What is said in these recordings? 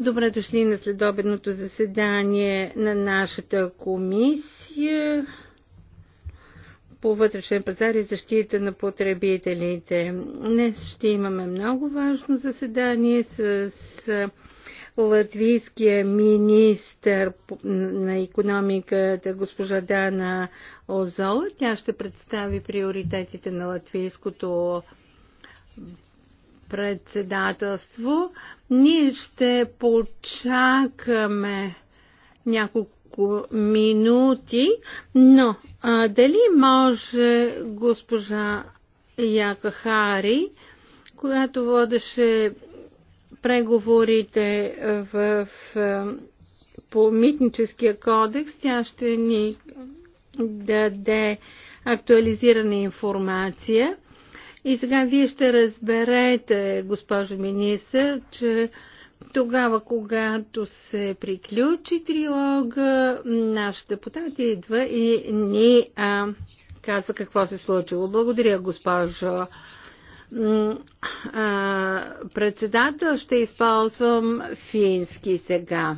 Добре дошли на следобедното заседание на нашата комисия по вътрешен пазар и защита на потребителите. Днес ще имаме много важно заседание с латвийския министр на економиката госпожа Дана Озола. Тя ще представи приоритетите на латвийското председателство. Ние ще почакаме няколко минути, но а, дали може госпожа Яка Хари, която водеше преговорите в, в, по митническия кодекс, тя ще ни даде актуализирана информация. И сега вие ще разберете, госпожо министър, че тогава, когато се приключи трилога, наш депутат идва и ни а, казва какво се е случило. Благодаря, госпожо председател. Ще използвам фински сега.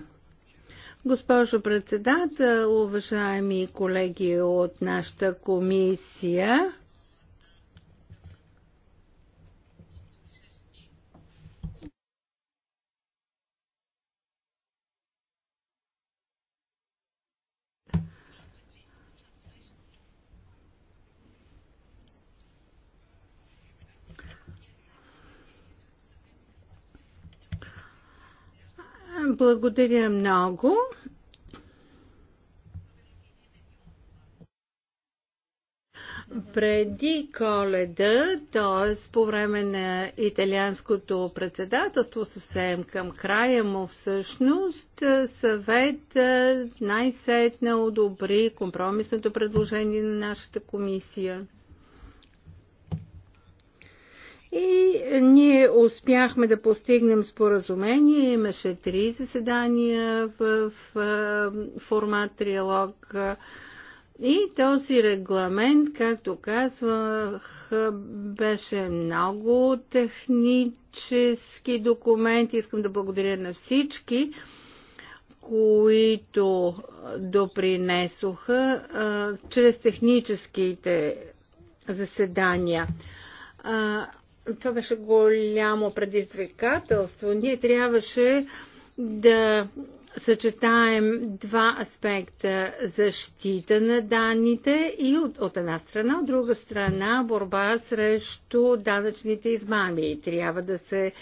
Госпожо председател, уважаеми колеги от нашата комисия, Благодаря много. преди коледа, т.е. по време на италианското председателство, съвсем към края му всъщност, съвет най сетна одобри компромисното предложение на нашата комисия. И ние успяхме да постигнем споразумение. Имаше три заседания в, в формат триалог. И този регламент, както казвах, беше много технически документ. Искам да благодаря на всички, които допринесоха а, чрез техническите заседания. А, това беше голямо предизвикателство. Ние трябваше да съчетаем два аспекта защита на данните и от, от една страна, от друга страна борба срещу данъчните измами. Трябва да се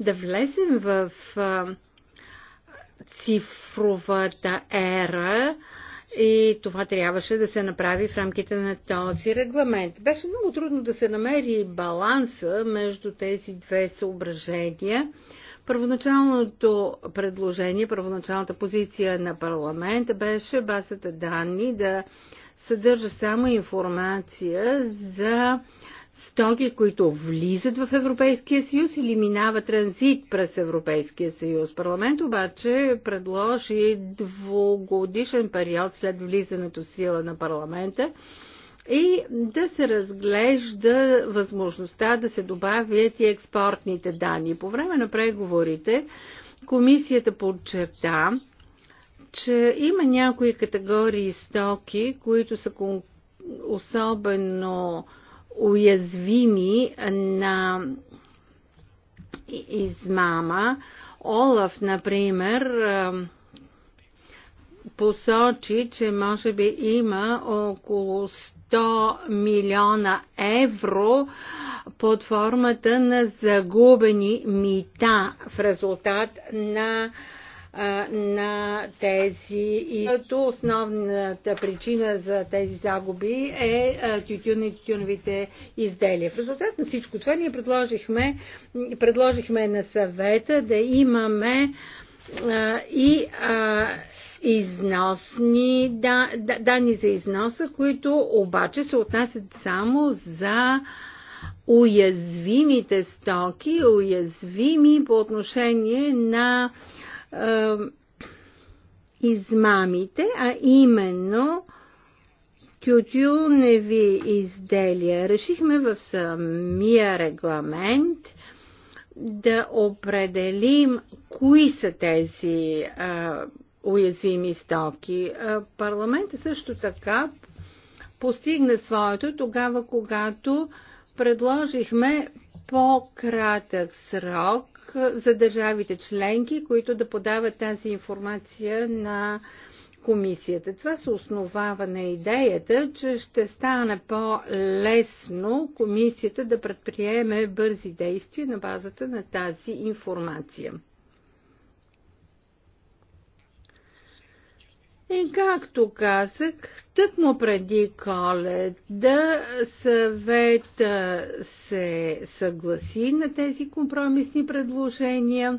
да влезем в цифровата ера, и това трябваше да се направи в рамките на този регламент. Беше много трудно да се намери баланса между тези две съображения. Първоначалното предложение, първоначалната позиция на парламент беше базата данни да съдържа само информация за стоки, които влизат в Европейския съюз или минава транзит през Европейския съюз. Парламент обаче предложи двугодишен период след влизането в сила на парламента и да се разглежда възможността да се добавят и експортните данни. По време на преговорите комисията подчерта, че има някои категории стоки, които са особено уязвими на измама. Олаф, например, посочи, че може би има около 100 милиона евро под формата на загубени мита в резултат на на тези и като основната причина за тези загуби е тютюн и тютюновите изделия. В резултат на всичко това ние предложихме, предложихме на съвета да имаме и износни да, да, данни за износа, които обаче се отнасят само за уязвимите стоки, уязвими по отношение на измамите, а именно тютюневи изделия. Решихме в самия регламент да определим кои са тези а, уязвими стоки. А, парламента също така постигна своето тогава, когато предложихме по-кратък срок е, за държавите членки, които да подават тази информация на комисията. Това се основава на идеята, че ще стане по-лесно комисията да предприеме бързи действия на базата на тази информация. И както казах, тъкмо преди колед да съвет се съгласи на тези компромисни предложения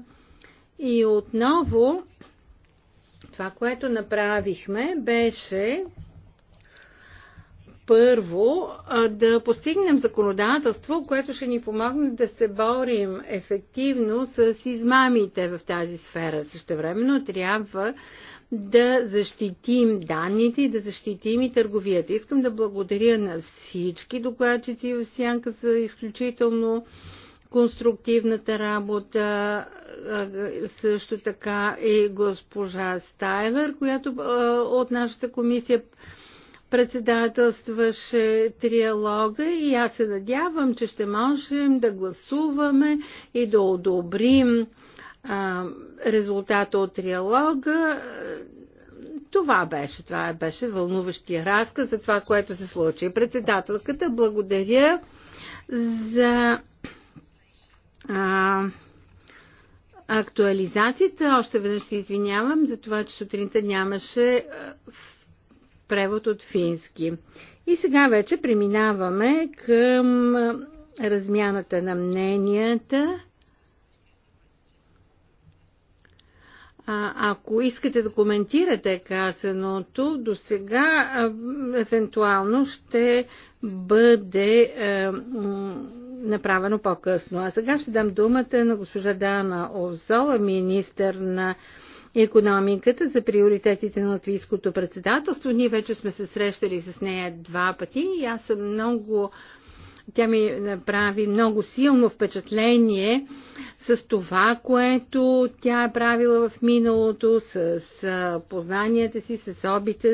и отново това, което направихме, беше първо да постигнем законодателство, което ще ни помогне да се борим ефективно с измамите в тази сфера. Същевременно трябва да защитим данните и да защитим и търговията. Искам да благодаря на всички докладчици в Сянка за изключително конструктивната работа, също така и госпожа Стайлер, която от нашата комисия председателстваше триалога и аз се надявам, че ще можем да гласуваме и да одобрим а, резултата от триалога. Това беше, това беше вълнуващия разказ за това, което се случи. Председателката, благодаря за а, актуализацията. Още веднъж се извинявам за това, че сутринта нямаше превод от фински. И сега вече преминаваме към размяната на мненията А, ако искате да коментирате казаното, до сега евентуално ще бъде е, направено по-късно. А сега ще дам думата на госпожа Дана Овзола, министър на економиката за приоритетите на латвийското председателство. Ние вече сме се срещали с нея два пъти и аз съм много тя ми направи много силно впечатление с това, което тя е правила в миналото, с познанията си, с опита,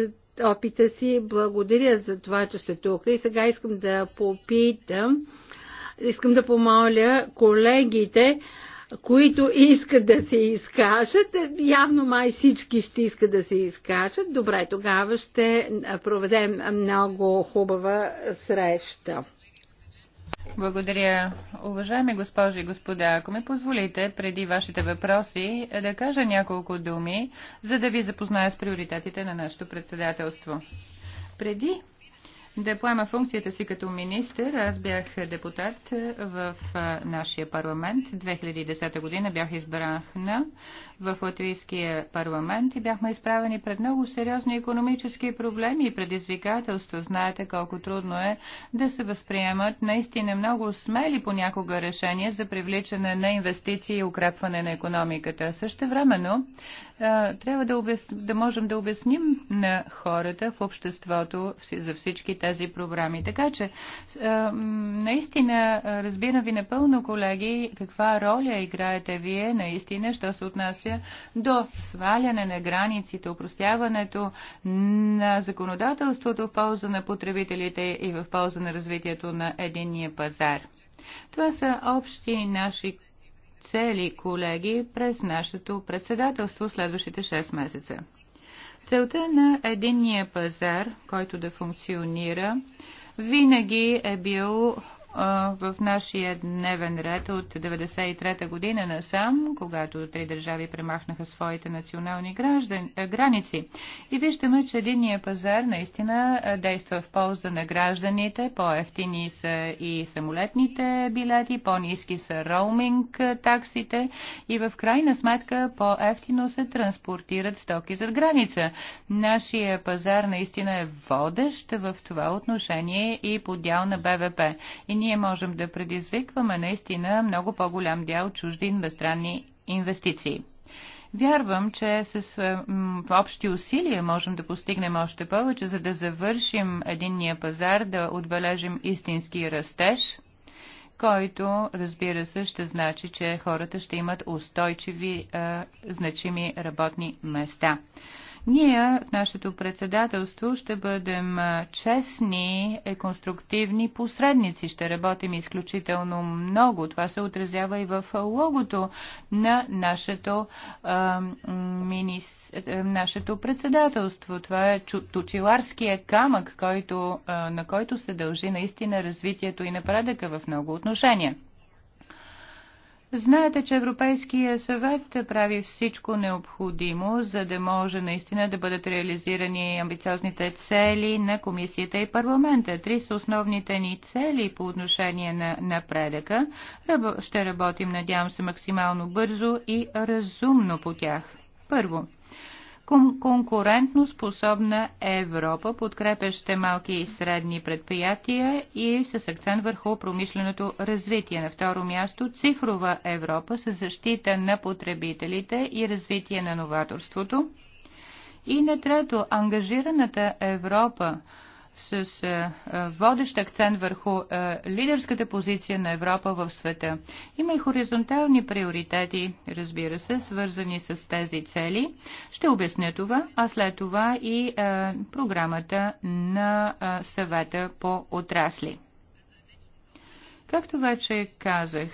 опита си. Благодаря за това, че сте тук. И сега искам да попитам, искам да помоля колегите, които искат да се изкажат. Явно май всички ще искат да се изкажат. Добре, тогава ще проведем много хубава среща. Благодаря. Уважаеми госпожи и господа, ако ми позволите, преди вашите въпроси, да кажа няколко думи, за да ви запозная с приоритетите на нашето председателство. Преди да поема функцията си като министр. Аз бях депутат е, в е, нашия парламент. 2010 година бях избрана в латвийския парламент и бяхме изправени пред много сериозни економически проблеми и предизвикателства. Знаете колко трудно е да се възприемат наистина много смели понякога решения за привличане на инвестиции и укрепване на економиката. Също времено трябва да, обяс... да можем да обясним на хората в обществото за всички тези програми. Така че, наистина, разбирам ви напълно, колеги, каква роля играете вие, наистина, що се отнася до сваляне на границите, упростяването на законодателството в полза на потребителите и в полза на развитието на единния пазар. Това са общи наши цели, колеги, през нашето председателство следващите 6 месеца. Целта на единния пазар, който да функционира, винаги е бил в нашия дневен ред от 1993 година насам, когато три държави премахнаха своите национални граждан, граници. И виждаме, че единния пазар наистина действа в полза на гражданите, по-ефтини са и самолетните билети, по-низки са роуминг таксите и в крайна сметка по-ефтино се транспортират стоки зад граница. Нашия пазар наистина е водещ в това отношение и подял на БВП. И ние ние можем да предизвикваме наистина много по-голям дял чужди инвестранни инвестиции. Вярвам, че с общи усилия можем да постигнем още повече, за да завършим единния пазар, да отбележим истински растеж, който, разбира се, ще значи, че хората ще имат устойчиви, е, значими работни места. Ние в нашето председателство ще бъдем честни и конструктивни посредници. Ще работим изключително много. Това се отразява и в логото на нашето, а, минис... нашето председателство. Това е тучиларския камък, който, а, на който се дължи наистина развитието и напредъка в много отношения. Знаете, че Европейския съвет прави всичко необходимо, за да може наистина да бъдат реализирани амбициозните цели на комисията и парламента. Три са основните ни цели по отношение на напредъка. Ще работим, надявам се, максимално бързо и разумно по тях. Първо, конкурентно способна Европа, подкрепяща малки и средни предприятия и с акцент върху промишленото развитие. На второ място цифрова Европа с защита на потребителите и развитие на новаторството. И на трето, ангажираната Европа с водещ акцент върху лидерската позиция на Европа в света. Има и хоризонтални приоритети, разбира се, свързани с тези цели. Ще обясня това, а след това и програмата на съвета по отрасли. Както вече казах,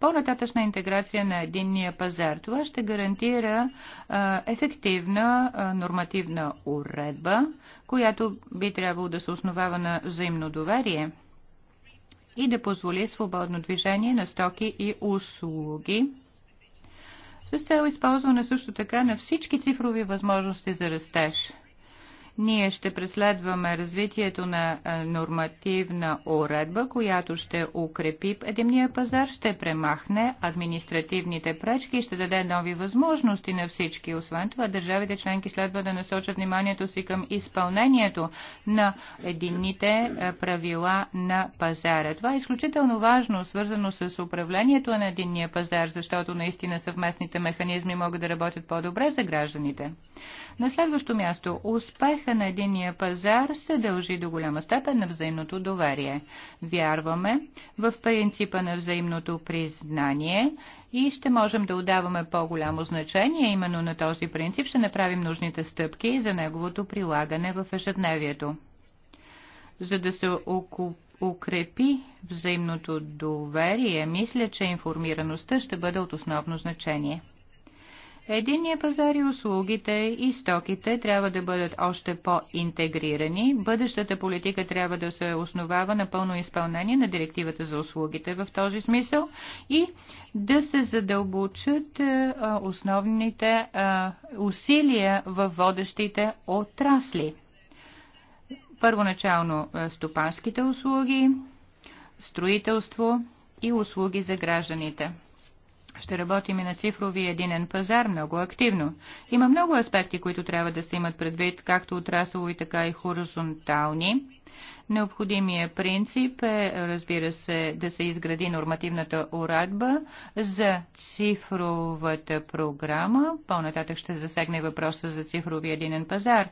по-нататъчна интеграция на единния пазар. Това ще гарантира а, ефективна а, нормативна уредба, която би трябвало да се основава на взаимно доверие и да позволи свободно движение на стоки и услуги с цел използване също така на всички цифрови възможности за растеж. Ние ще преследваме развитието на нормативна уредба, която ще укрепи едемния пазар, ще премахне административните пречки и ще даде нови възможности на всички. Освен това, държавите членки следва да насочат вниманието си към изпълнението на единните правила на пазара. Това е изключително важно, свързано с управлението на единния пазар, защото наистина съвместните механизми могат да работят по-добре за гражданите. На следващо място, успеха на единия пазар се дължи до голяма степен на взаимното доверие. Вярваме в принципа на взаимното признание и ще можем да отдаваме по-голямо значение именно на този принцип. Ще направим нужните стъпки за неговото прилагане в ежедневието. За да се окупи укрепи взаимното доверие, мисля, че информираността ще бъде от основно значение. Единния пазар и услугите и стоките трябва да бъдат още по-интегрирани. Бъдещата политика трябва да се основава на пълно изпълнение на директивата за услугите в този смисъл и да се задълбочат е, основните усилия в водещите отрасли. Първоначално е, стопанските услуги, строителство и услуги за гражданите. Ще работим и на цифрови единен пазар много активно. Има много аспекти, които трябва да се имат предвид, както отраслови, така и хоризонтални. Необходимия принцип е, разбира се, да се изгради нормативната уредба за цифровата програма. По-нататък ще засегне въпроса за цифровия единен пазар.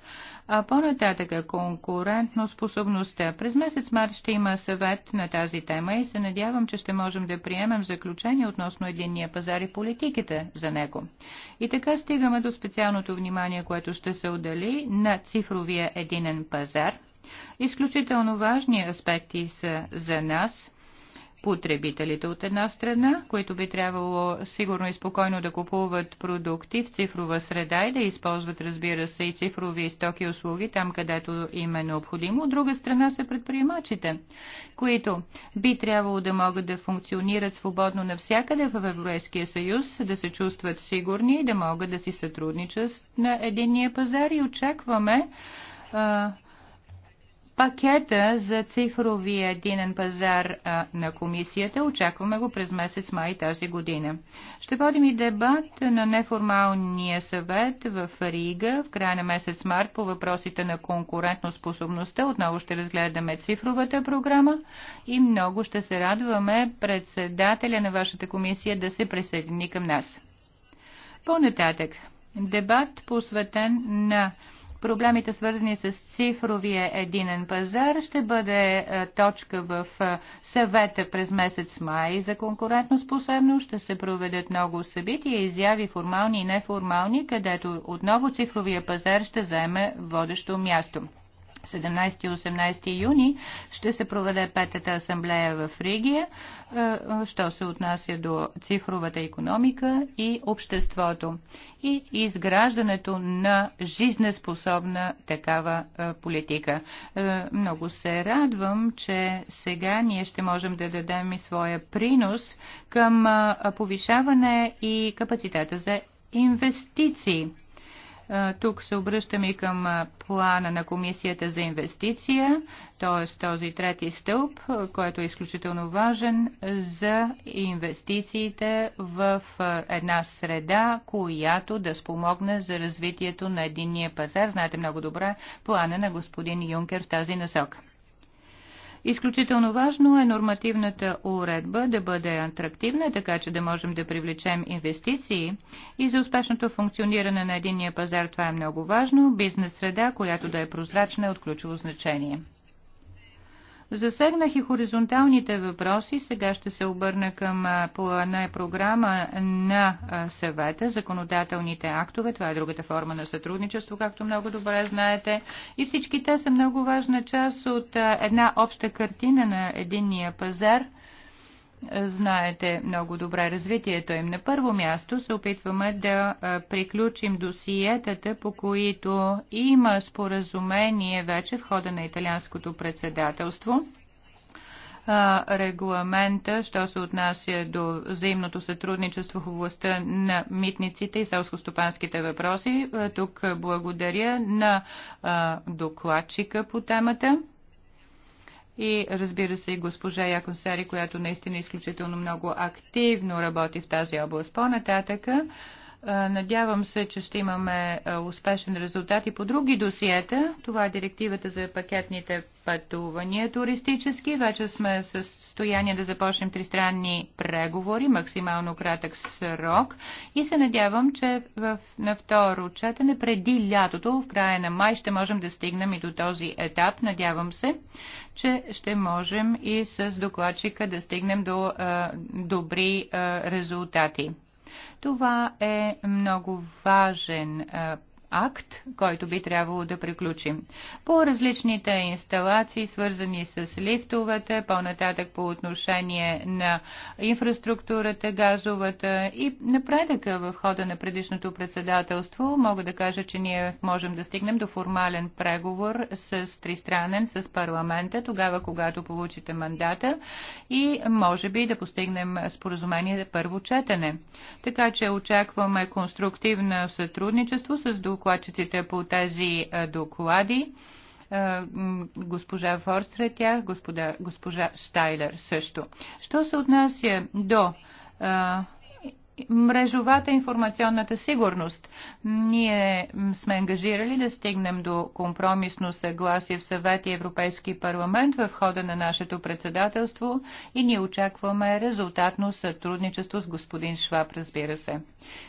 А по-нататък конкурентно способността. През месец март ще има съвет на тази тема и се надявам, че ще можем да приемем заключение относно единния пазар и политиките за него. И така стигаме до специалното внимание, което ще се отдели на цифровия единен пазар – Изключително важни аспекти са за нас – потребителите от една страна, които би трябвало сигурно и спокойно да купуват продукти в цифрова среда и да използват, разбира се, и цифрови стоки и услуги там, където им е необходимо. От друга страна са предприемачите, които би трябвало да могат да функционират свободно навсякъде в Европейския съюз, да се чувстват сигурни и да могат да си сътрудничат на единния пазар и очакваме а, пакета за цифровия единен пазар а, на комисията. Очакваме го през месец май тази година. Ще водим и дебат на неформалния съвет в Рига в края на месец март по въпросите на конкурентно способността. Отново ще разгледаме цифровата програма и много ще се радваме председателя на вашата комисия да се присъедини към нас. По-нататък, дебат посветен на проблемите свързани с цифровия единен пазар ще бъде е, точка в е, съвета през месец май за конкурентно способност. Ще се проведат много събития, изяви формални и неформални, където отново цифровия пазар ще заеме водещо място. 17 и 18 юни ще се проведе петата асамблея в Ригия, е, що се отнася до цифровата економика и обществото и изграждането на жизнеспособна такава е, политика. Е, много се радвам, че сега ние ще можем да дадем и своя принос към повишаване и капацитета за инвестиции е, тук се обръщаме и към е, плана на Комисията за инвестиция, т.е. този трети стълб, е, който е изключително важен за инвестициите в една среда, която да спомогне за развитието на единния пазар. Знаете много добре плана на господин Юнкер в тази насока. Изключително важно е нормативната уредба да бъде атрактивна, така че да можем да привлечем инвестиции и за успешното функциониране на единния пазар това е много важно. Бизнес среда, която да е прозрачна е от ключово значение. Засегнах и хоризонталните въпроси. Сега ще се обърна към плана и програма на съвета, законодателните актове. Това е другата форма на сътрудничество, както много добре знаете. И всички те са много важна част от една обща картина на единния пазар – знаете много добре развитието им. На първо място се опитваме да приключим досиетата, по които има споразумение вече в хода на италианското председателство регламента, що се отнася до взаимното сътрудничество в областта на митниците и селско-стопанските въпроси. Тук благодаря на докладчика по темата и разбира се и госпожа Яконсари, която наистина изключително много активно работи в тази област. По-нататъка, Надявам се, че ще имаме успешен резултат и по други досиета. Това е директивата за пакетните пътувания туристически. Вече сме с състояние да започнем тристранни преговори, максимално кратък срок и се надявам, че в, на второ четене преди лятото, в края на май, ще можем да стигнем и до този етап. Надявам се, че ще можем и с докладчика да стигнем до а, добри а, резултати. Това е много важен а, акт, който би трябвало да приключим. По различните инсталации, свързани с лифтовете, по-нататък по отношение на инфраструктурата, газовата и напредъка в хода на предишното председателство, мога да кажа, че ние можем да стигнем до формален преговор с тристранен, с парламента, тогава когато получите мандата и може би да постигнем споразумение за първо четене. Така че очакваме конструктивно сътрудничество с доку докладчиците по тези доклади. Госпожа Форд сред тях, госпожа Штайлер също. Що се отнася до мрежовата информационната сигурност. Ние сме ангажирали да стигнем до компромисно съгласие в съвет и Европейски парламент в хода на нашето председателство и ние очакваме резултатно сътрудничество с господин Шваб, разбира се.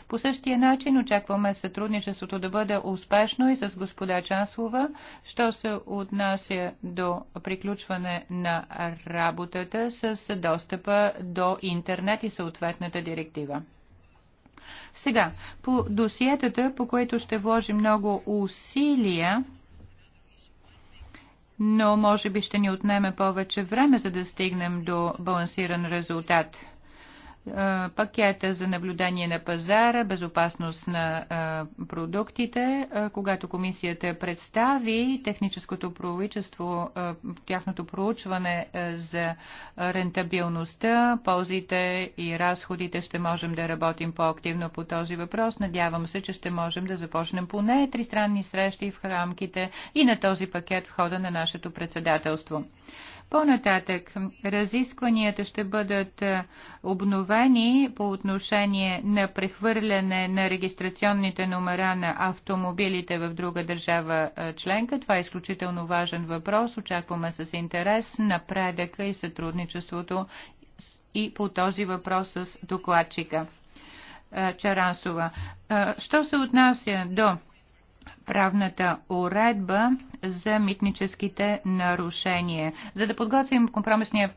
По същия начин очакваме сътрудничеството да бъде успешно и с господа Чанслова, що се отнася до приключване на работата с достъпа до интернет и съответната директива. Сега, по досиетата, по което ще вложи много усилия, но може би ще ни отнеме повече време, за да стигнем до балансиран резултат – пакета за наблюдение на пазара, безопасност на продуктите. Когато комисията представи техническото проучество, тяхното проучване за рентабилността, ползите и разходите, ще можем да работим по-активно по този въпрос. Надявам се, че ще можем да започнем поне тристранни срещи в рамките и на този пакет в хода на нашето председателство. По-нататък разискванията ще бъдат е, обновени по отношение на прехвърляне на регистрационните номера на автомобилите в друга държава е, членка. Това е изключително важен въпрос. Очакваме с интерес напредъка и сътрудничеството и по този въпрос с докладчика е, Чарансова. Що се отнася до правната уредба за митническите нарушения. За да подготвим компромисния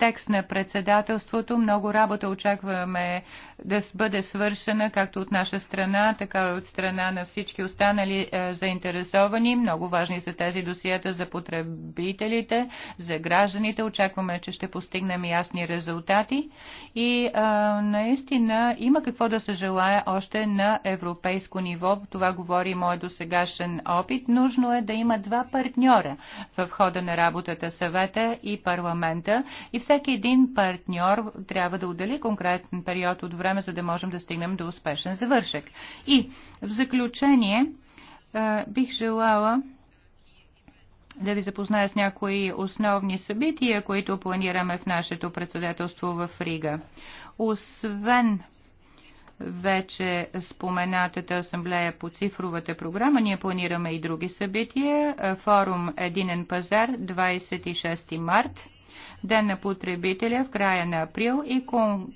текст на председателството. Много работа очакваме да бъде свършена, както от наша страна, така и от страна на всички останали е, заинтересовани. Много важни са тези досията за потребителите, за гражданите. Очакваме, че ще постигнем ясни резултати. И е, наистина има какво да се желая още на европейско ниво. Това говори мой досегашен опит. Нужно е да има два партньора в хода на работата съвета и парламента. И всеки един партньор трябва да отдели конкретен период от време, за да можем да стигнем до успешен завършек. И в заключение е, бих желала да ви запозная с някои основни събития, които планираме в нашето председателство в Рига. Освен вече споменатата асамблея по цифровата програма. Ние планираме и други събития. Форум Единен пазар 26 март Ден на потребителя в края на април и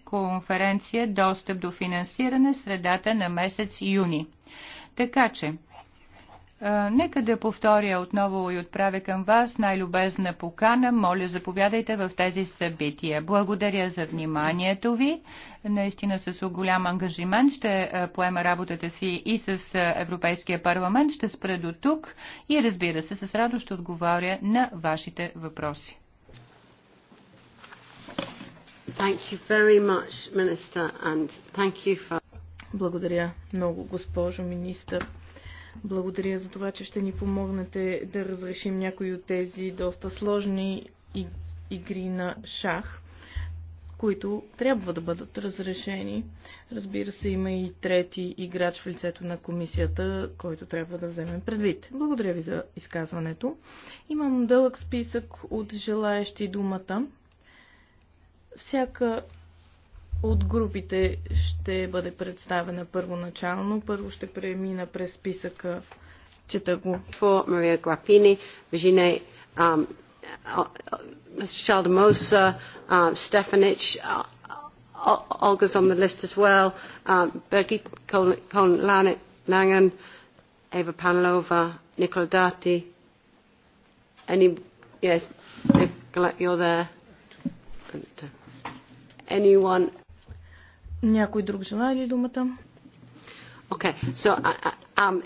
конференция Достъп до финансиране в средата на месец юни. Така че, Нека да повторя отново и отправя към вас най-любезна покана. Моля, заповядайте в тези събития. Благодаря за вниманието ви. Наистина с голям ангажимент ще поема работата си и с Европейския парламент. Ще спра до тук и разбира се, с радост ще отговоря на вашите въпроси. Much, Minister, for... Благодаря много, госпожо министър. Благодаря за това, че ще ни помогнете да разрешим някои от тези доста сложни игри на шах, които трябва да бъдат разрешени. Разбира се, има и трети играч в лицето на комисията, който трябва да вземем предвид. Благодаря ви за изказването. Имам дълъг списък от желаящи думата. Всяка от групите ще бъде представена първоначално. Първо ще премина през списъка. Чета го. For Maria Grappini, Virginie um, Shaldemosa, um, Stefanic, uh, Olga's on the list as well, um, Birgit Kohn-Langen, Eva Panlova, Nicola Dati. Any, yes, Nicola, you're there. Good anyone... Някой друг желая ли думата? Okay, so I, I, um,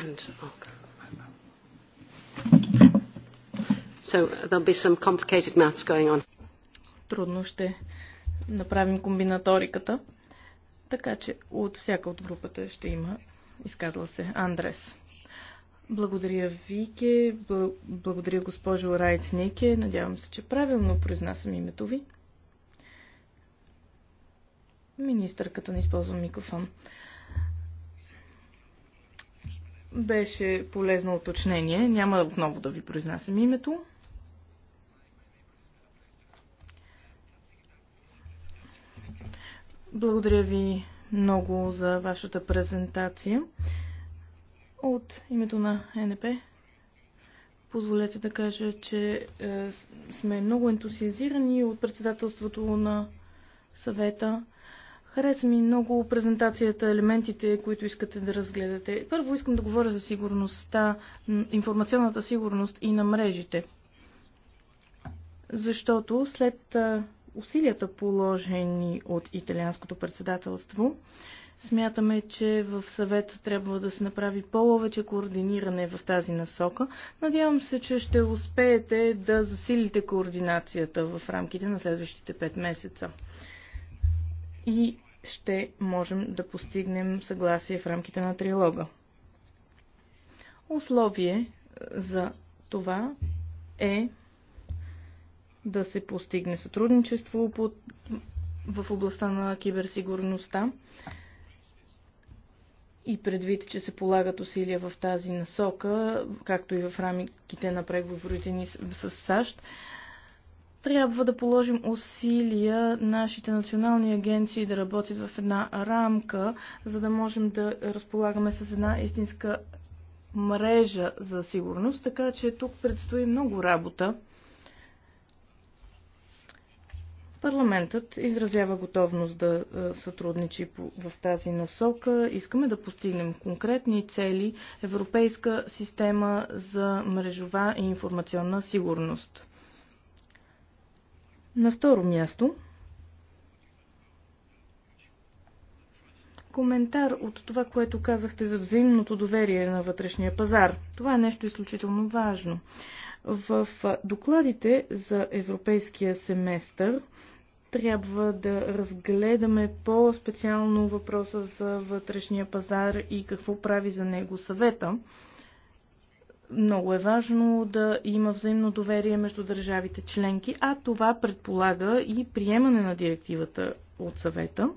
and okay. so there'll be some complicated maths going on. Трудно ще направим комбинаториката. Така че от всяка от групата ще има изказва се Андрес. Благодаря, Вике. Благодаря, госпожо Райцнике. Надявам се, че правилно произнасям името ви. Министърката не използвам микрофон. Беше полезно уточнение. Няма отново да ви произнасям името. Благодаря ви много за вашата презентация. От името на НП позволете да кажа, че е, сме много ентусиазирани от председателството на съвета. Хареса ми много презентацията, елементите, които искате да разгледате. Първо искам да говоря за сигурността, информационната сигурност и на мрежите. Защото след е, усилията положени от италианското председателство, Смятаме, че в съвет трябва да се направи по ловече координиране в тази насока. Надявам се, че ще успеете да засилите координацията в рамките на следващите 5 месеца. И ще можем да постигнем съгласие в рамките на трилога. Условие е, за това е да се постигне сътрудничество в областта на киберсигурността и предвид, че се полагат усилия в тази насока, както и в рамките на преговорите ни с САЩ, трябва да положим усилия нашите национални агенции да работят в една рамка, за да можем да разполагаме с една истинска мрежа за сигурност, така че тук предстои много работа. Парламентът изразява готовност да сътрудничи в тази насока. Искаме да постигнем конкретни цели Европейска система за мрежова и информационна сигурност. На второ място коментар от това, което казахте за взаимното доверие на вътрешния пазар. Това е нещо изключително важно. В докладите за европейския семестър трябва да разгледаме по-специално въпроса за вътрешния пазар и какво прави за него съвета. Много е важно да има взаимно доверие между държавите членки, а това предполага и приемане на директивата от съвета,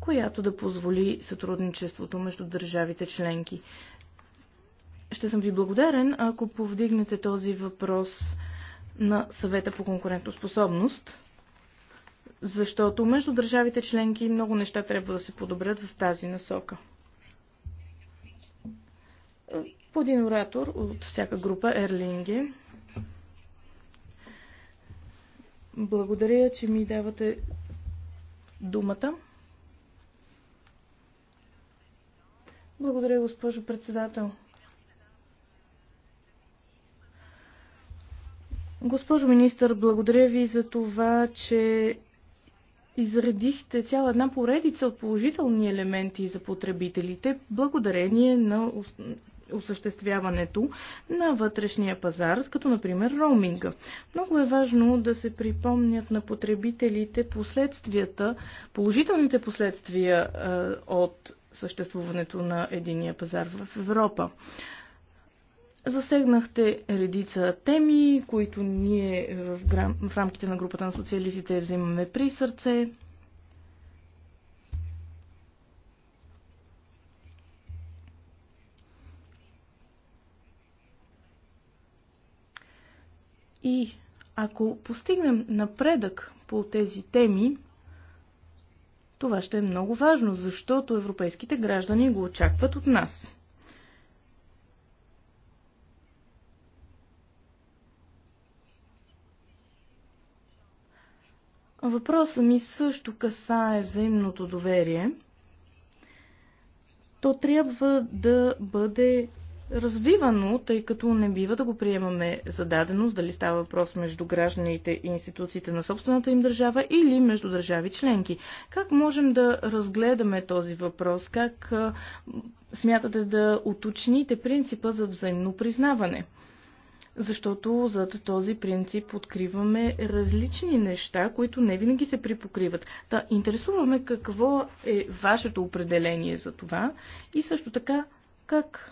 която да позволи сътрудничеството между държавите членки. Ще съм ви благодарен, ако повдигнете този въпрос на съвета по конкурентоспособност, защото между държавите членки много неща трябва да се подобрят в тази насока. По един оратор от всяка група Ерлинги. Благодаря, че ми давате думата. Благодаря, госпожо председател. Госпожо министър, благодаря ви за това, че изредихте цяла една поредица от положителни елементи за потребителите, благодарение на осъществяването на вътрешния пазар, като например роуминга. Много е важно да се припомнят на потребителите последствията, положителните последствия от съществуването на единия пазар в Европа. Засегнахте редица теми, които ние е, в, грам... в рамките на групата на социалистите взимаме при сърце. И ако постигнем напредък по тези теми, това ще е много важно, защото европейските граждани го очакват от нас. Въпросът ми също касае взаимното доверие. То трябва да бъде развивано, тъй като не бива да го приемаме за даденост, дали става въпрос между гражданите и институциите на собствената им държава или между държави членки. Как можем да разгледаме този въпрос? Как смятате да уточните принципа за взаимно признаване? защото зад този принцип откриваме различни неща, които не винаги се припокриват. Та да, интересуваме какво е вашето определение за това и също така как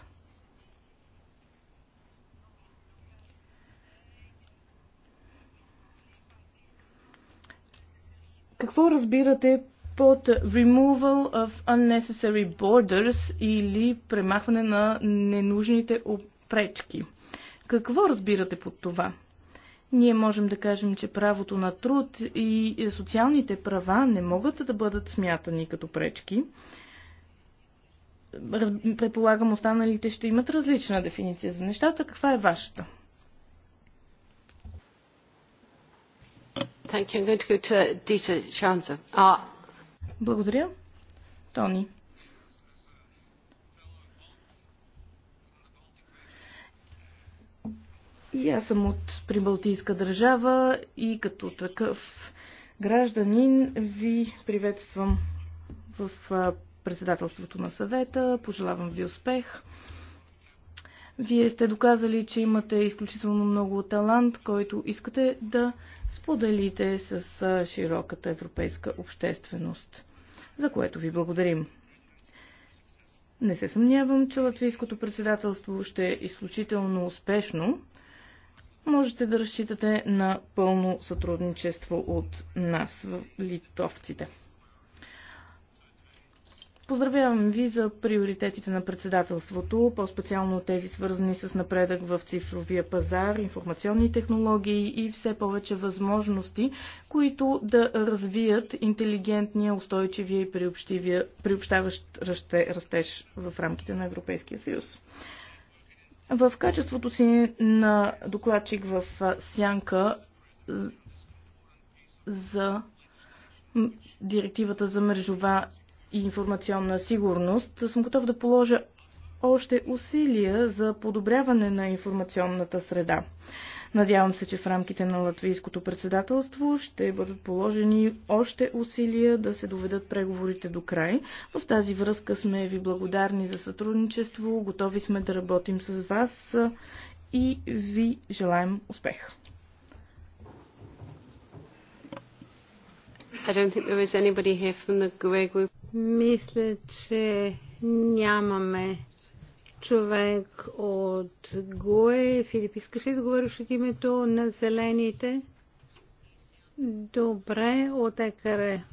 Какво разбирате под removal of unnecessary borders или премахване на ненужните пречки? Какво разбирате под това? Ние можем да кажем, че правото на труд и социалните права не могат да бъдат смятани като пречки. Раз... Предполагам, останалите ще имат различна дефиниция за нещата. Каква е вашата? Thank you. I'm going to go to Dita ah. Благодаря. Тони. И аз съм от прибалтийска държава и като такъв гражданин ви приветствам в председателството на съвета. Пожелавам ви успех. Вие сте доказали, че имате изключително много талант, който искате да споделите с широката европейска общественост, за което ви благодарим. Не се съмнявам, че латвийското председателство ще е изключително успешно можете да разчитате на пълно сътрудничество от нас, литовците. Поздравявам ви за приоритетите на председателството, по-специално тези свързани с напредък в цифровия пазар, информационни технологии и все повече възможности, които да развият интелигентния, устойчивия и приобщаващ растеж в рамките на Европейския съюз. В качеството си на докладчик в Сянка за директивата за мрежова и информационна сигурност, съм готов да положа още усилия за подобряване на информационната среда. Надявам се, че в рамките на латвийското председателство ще бъдат положени още усилия да се доведат преговорите до край. В тази връзка сме ви благодарни за сътрудничество, готови сме да работим с вас и ви желаем успех. I don't think there is anybody here from the group. Мисля, че нямаме човек от ГУЕ. Филип, искаш ли да говориш от името на зелените? Добре, от ЕКАРЕ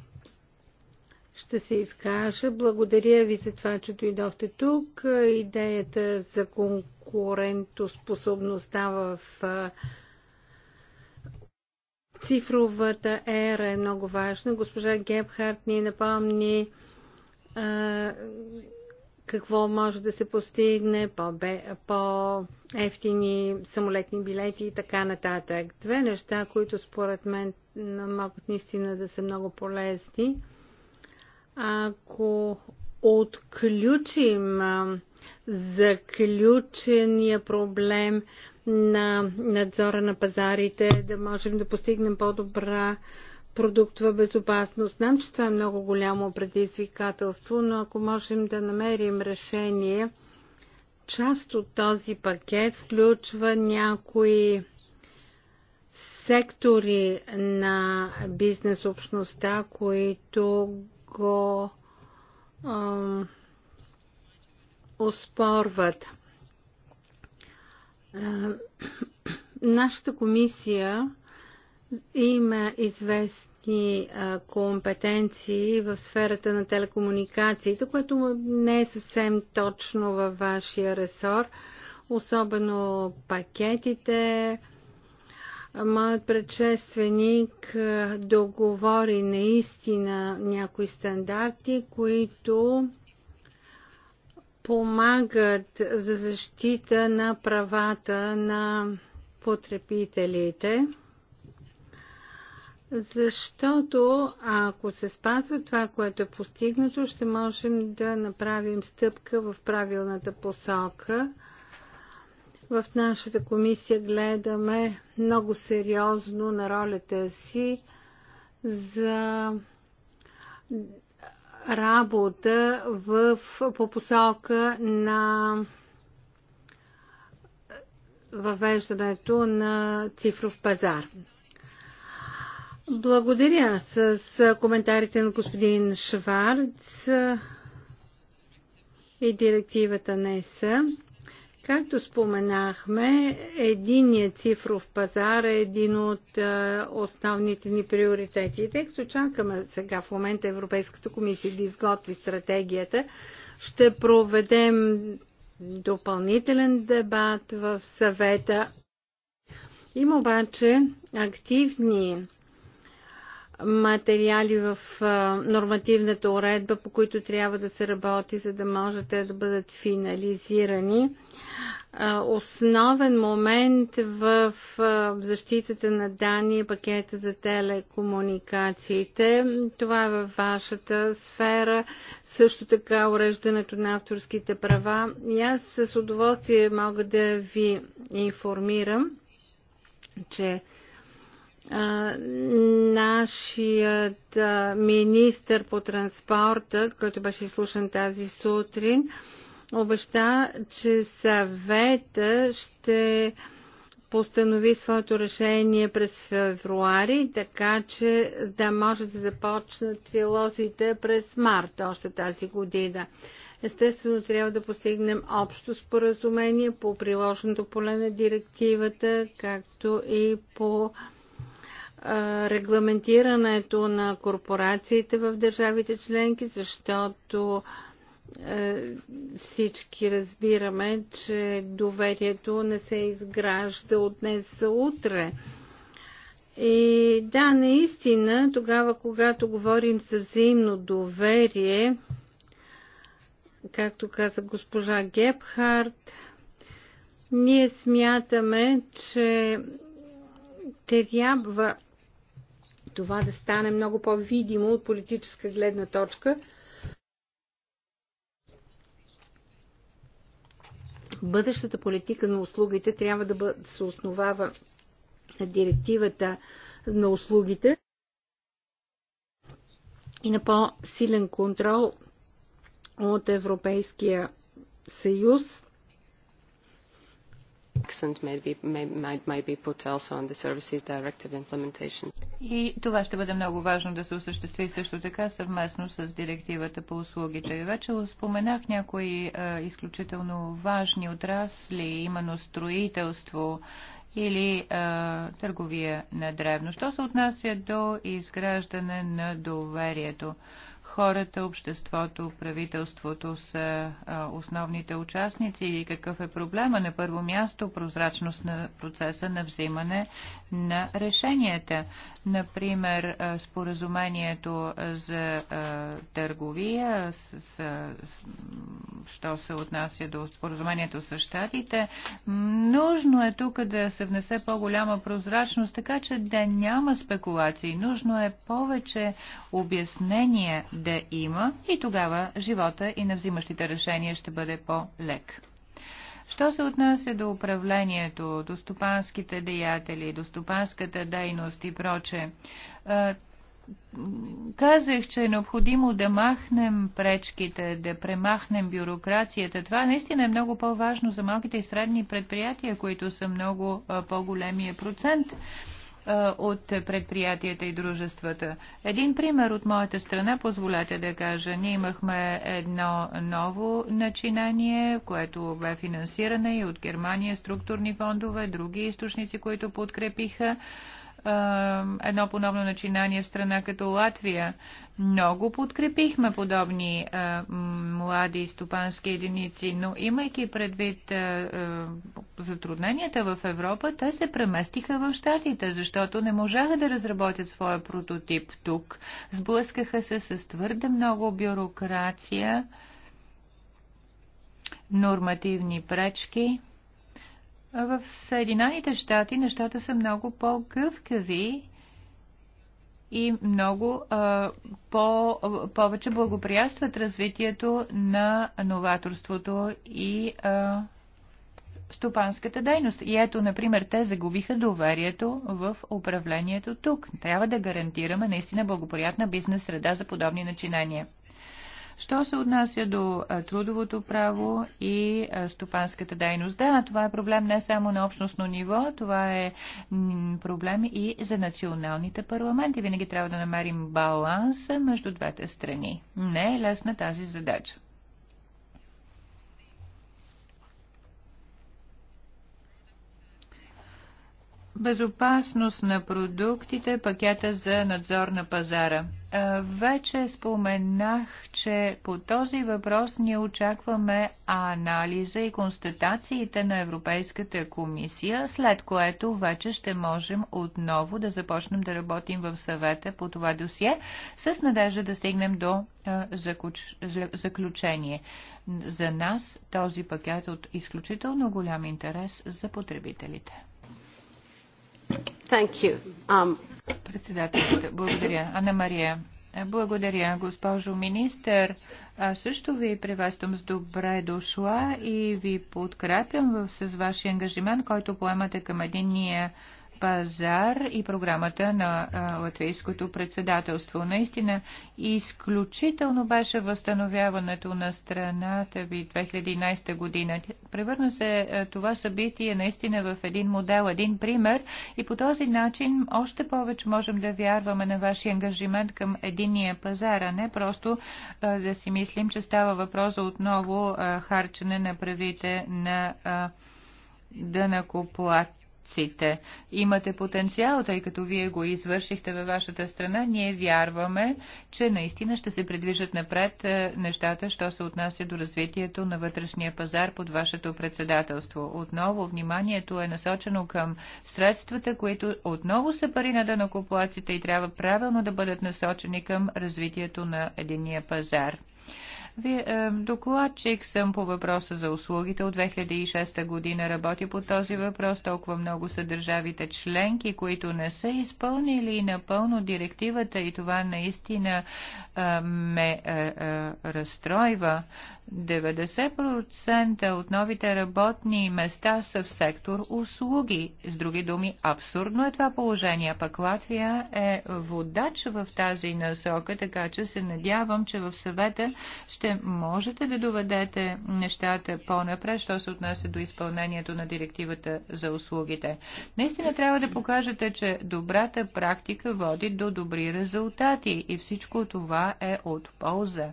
ще се изкажа. Благодаря ви за това, че дойдохте тук. Идеята за конкурентоспособността в цифровата ера е много важна. Госпожа Гебхарт ни напомни какво може да се постигне, по-ефтини по самолетни билети и така нататък. Две неща, които според мен могат наистина да са много полезни. Ако отключим заключения проблем на надзора на пазарите, да можем да постигнем по-добра продуктова безопасност. Знам, че това е много голямо предизвикателство, но ако можем да намерим решение, част от този пакет включва някои сектори на бизнес общността, които го ам, оспорват. Е, нашата комисия има известни а, компетенции в сферата на телекомуникациите, което не е съвсем точно във вашия ресор, особено пакетите. Моят предшественик договори наистина някои стандарти, които помагат за защита на правата на потребителите защото ако се спазва това, което е постигнато, ще можем да направим стъпка в правилната посока. В нашата комисия гледаме много сериозно на ролята си за работа в, по посока на въвеждането на цифров пазар. Благодаря с коментарите на господин Шварц и директивата на ЕС. Както споменахме, единният цифров пазар е един от основните ни приоритети. Тъй като чакаме сега в момента Европейската комисия да изготви стратегията, ще проведем допълнителен дебат в съвета. Има обаче активни материали в нормативната уредба, по които трябва да се работи, за да може те да бъдат финализирани. Основен момент в защитата на данни е пакета за телекомуникациите. Това е във вашата сфера. Също така уреждането на авторските права. И аз с удоволствие мога да ви информирам, че нашият министр по транспорта, който беше изслушан тази сутрин, обеща, че съвета ще постанови своето решение през февруари, така че да може да започнат филозите през март още тази година. Естествено, трябва да постигнем общо споразумение по приложното поле на директивата, както и по а, регламентирането на корпорациите в държавите членки, защото е, всички разбираме, че доверието не се изгражда от днес за утре. И да, наистина, тогава, когато говорим за взаимно доверие, както каза госпожа Гебхарт, ние смятаме, че трябва това да стане много по-видимо от политическа гледна точка. Бъдещата политика на услугите трябва да се основава на директивата на услугите и на по-силен контрол от Европейския съюз и това ще бъде много важно да се осъществи също така съвместно с директивата по услугите. Вече споменах някои а, е, изключително важни отрасли, именно строителство или а, е, търговия на древно. Що се отнася до изграждане на доверието? хората, обществото, правителството са а, основните участници и какъв е проблема? На първо място прозрачност на процеса на взимане на решенията. Например, споразумението за а, търговия, с, с, що се отнася до споразумението с щатите. Нужно е тук да се внесе по-голяма прозрачност, така че да няма спекулации. Нужно е повече обяснение да има и тогава живота и на взимащите решения ще бъде по-лек. Що се отнася до управлението, до стопанските деятели, до стопанската дейност и проче, казах, че е необходимо да махнем пречките, да премахнем бюрокрацията. Това наистина е много по-важно за малките и средни предприятия, които са много по-големия процент е, от предприятията и дружествата. Един пример от моята страна, позволете да кажа, ние имахме едно ново начинание, което бе финансиране и от Германия, структурни фондове, други източници, които подкрепиха едно подобно начинание в страна като Латвия. Много подкрепихме подобни а, млади стопански единици, но имайки предвид затрудненията в Европа, те се преместиха в Штатите, защото не можаха да разработят своя прототип тук. Сблъскаха се с твърде много бюрокрация, нормативни пречки в Съединените щати нещата са много по-гъвкави и много а, по, повече благоприятстват развитието на новаторството и а, стопанската дейност. И ето, например, те загубиха доверието в управлението тук. Трябва да гарантираме наистина благоприятна бизнес среда за подобни начинания. Що се отнася до трудовото право и стопанската дейност? Да, това е проблем не само на общностно ниво, това е проблем и за националните парламенти. Винаги трябва да намерим баланса между двете страни. Не е лесна тази задача. Безопасност на продуктите, пакета за надзор на пазара. Вече споменах, че по този въпрос ние очакваме анализа и констатациите на Европейската комисия, след което вече ще можем отново да започнем да работим в съвета по това досие, с надежда да стигнем до заключение. За нас този пакет е от изключително голям интерес за потребителите. Um... благодаря. Анна Мария. Е, благодаря, госпожо министър. Аз също ви приветствам с добре дошла и ви подкрепям с вашия ангажимент, който поемате към единния пазар и програмата на латвийското председателство. Наистина, изключително беше възстановяването на страната ви 2011 година. Превърна се това събитие наистина в един модел, един пример и по този начин още повече можем да вярваме на вашия ангажимент към единия пазар, а не просто да си мислим, че става въпрос за отново харчене на правите на дънакоплат творците. Имате потенциал, тъй като вие го извършихте във вашата страна. Ние вярваме, че наистина ще се придвижат напред е, нещата, що се отнася до развитието на вътрешния пазар под вашето председателство. Отново вниманието е насочено към средствата, които отново са пари на дънокоплаците и трябва правилно да бъдат насочени към развитието на единия пазар. Вие, е, докладчик съм по въпроса за услугите. От 2006 година работи по този въпрос. Толкова много са държавите членки, които не са изпълнили напълно директивата и това наистина е, ме е, разстройва. 90% от новите работни места са в сектор услуги. С други думи, абсурдно е това положение, пък Латвия е водач в тази насока, така че се надявам, че в съвета ще можете да доведете нещата по-напред, що се отнася до изпълнението на директивата за услугите. Наистина трябва да покажете, че добрата практика води до добри резултати и всичко това е от полза.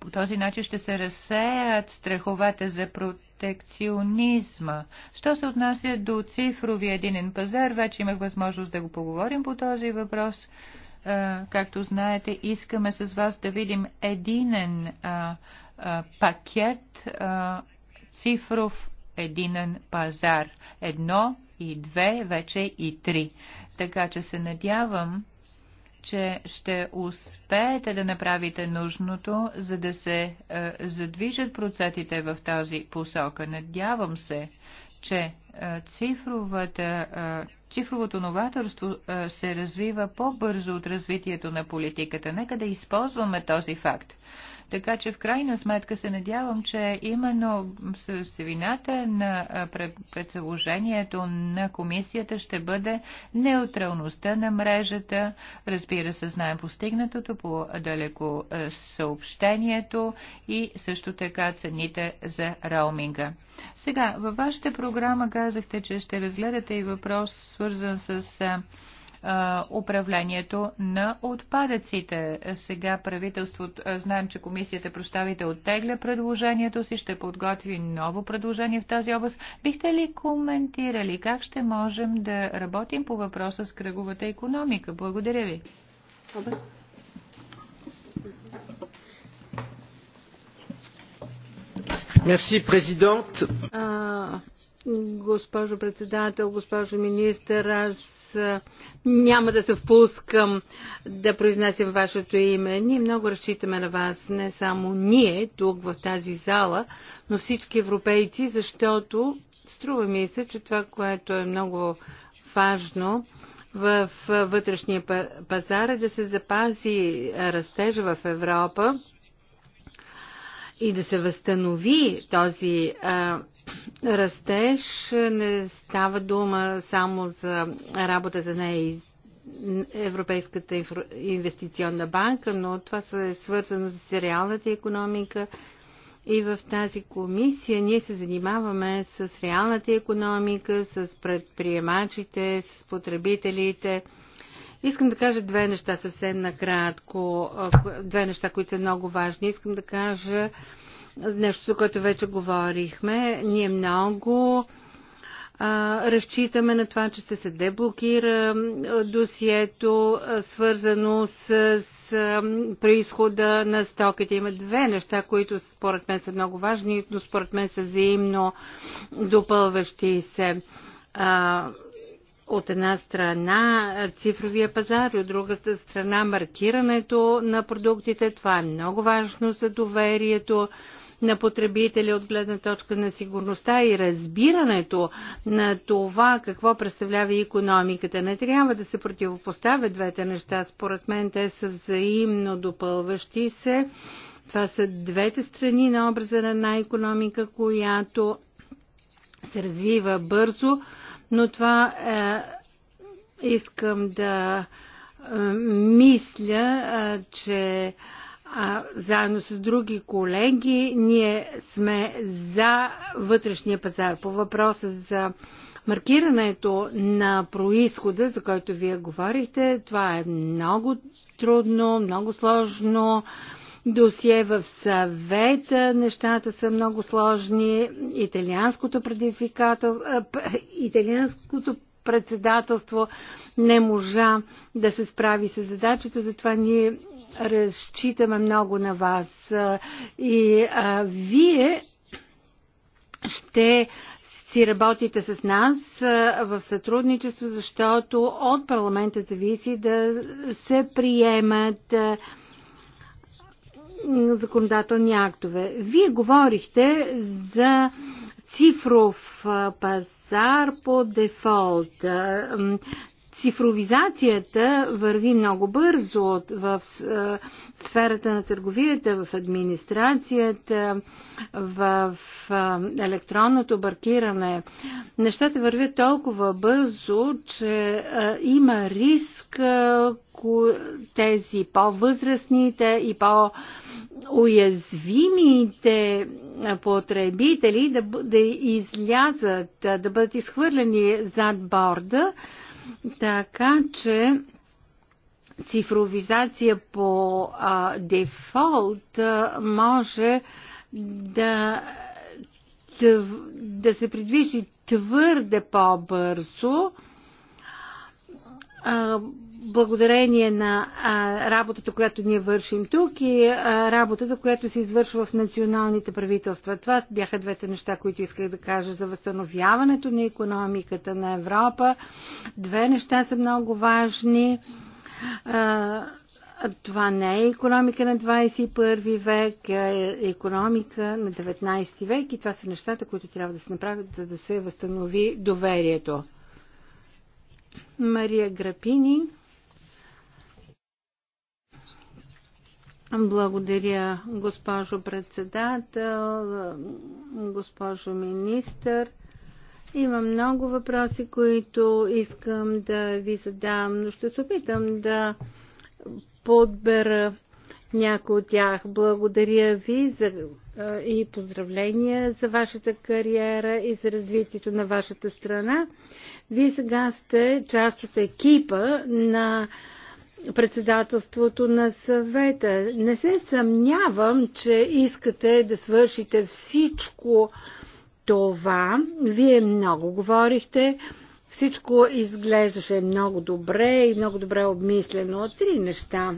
По този начин ще се разсеят страховете за протекционизма. Що се отнася до цифрови единен пазар, вече имах възможност да го поговорим по този въпрос. Както знаете, искаме с вас да видим единен пакет цифров единен пазар. Едно и две, вече и три. Така че се надявам, че ще успеете да направите нужното, за да се е, задвижат процетите в тази посока. Надявам се, че е, цифровата, е, цифровото новаторство е, се развива по-бързо от развитието на политиката. Нека да използваме този факт. Така че в крайна сметка се надявам, че именно с вината на предсъложението на комисията ще бъде неутралността на мрежата. Разбира се, знаем постигнатото по далеко съобщението и също така цените за роуминга. Сега, във вашата програма казахте, че ще разгледате и въпрос свързан с управлението на отпадъците. Сега правителството, знаем, че комисията, проставите, оттегля предложението си, ще подготви ново предложение в тази област. Бихте ли коментирали как ще можем да работим по въпроса с кръговата економика? Благодаря ви. Мерси, президент. Госпожо председател, госпожо министър, аз няма да се впускам да произнасям вашето име. Ние много разчитаме на вас, не само ние тук в тази зала, но всички европейци, защото струва ми се, че това, което е много важно в вътрешния пазар е да се запази растежа в Европа и да се възстанови този растеж не става дума само за работата на Европейската инвестиционна банка, но това е свързано с реалната економика. И в тази комисия ние се занимаваме с реалната економика, с предприемачите, с потребителите. Искам да кажа две неща съвсем накратко, две неща, които са много важни. Искам да кажа нещо, за което вече говорихме. Ние много разчитаме на това, че ще се деблокира досието, свързано с, с происхода на стоките. Има две неща, които според мен са много важни, но според мен са взаимно допълващи се. А, от една страна цифровия пазар, от другата страна маркирането на продуктите. Това е много важно за доверието на потребителя от гледна точка на сигурността и разбирането на това какво представлява економиката. Не трябва да се противопоставят двете неща. Според мен те са взаимно допълващи се. Това са двете страни на образа на една економика, която се развива бързо, но това е, искам да е, мисля, е, че а, заедно с други колеги, ние сме за вътрешния пазар. По въпроса за маркирането на происхода, за който вие говорите, това е много трудно, много сложно. Досие в съвета, нещата са много сложни. Италианското предизвикателство, италианското председателство не можа да се справи с задачата, затова ние разчитаме много на вас. И а, вие ще си работите с нас в сътрудничество, защото от парламента зависи да се приемат законодателни актове. Вие говорихте за цифров пазар по дефолт. Цифровизацията върви много бързо в е, сферата на търговията, в администрацията, в е, електронното баркиране. Нещата вървят толкова бързо, че е, има риск тези по-възрастните и по-уязвимите потребители да, да излязат, да бъдат изхвърлени зад борда така че цифровизация по а, дефолт а, може да, да се придвижи твърде по-бързо благодарение на а, работата, която ние вършим тук и а, работата, която се извършва в националните правителства. Това бяха двете неща, които исках да кажа за възстановяването на економиката на Европа. Две неща са много важни. А, това не е економика на 21 век, е економика на 19 век и това са нещата, които трябва да се направят, за да се възстанови доверието. Мария Грапини. Благодаря, госпожо председател, госпожо министър. Има много въпроси, които искам да ви задам, но ще се опитам да подбера някои от тях. Благодаря ви за, и поздравления за вашата кариера и за развитието на вашата страна. Вие сега сте част от екипа на председателството на съвета. Не се съмнявам, че искате да свършите всичко това. Вие много говорихте. Всичко изглеждаше много добре и много добре обмислено. Три неща.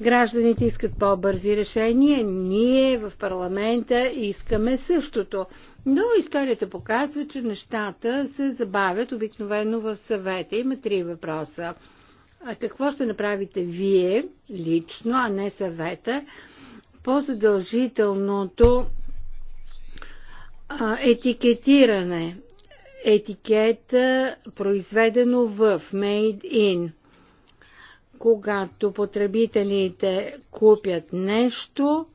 Гражданите искат по-бързи решения, ние в парламента искаме същото. Но историята показва, че нещата се забавят обикновено в съвета. Има три въпроса. А какво ще направите вие лично, а не съвета, по задължителното етикетиране? Етикета произведено в Made in когато потребителите купят нещо,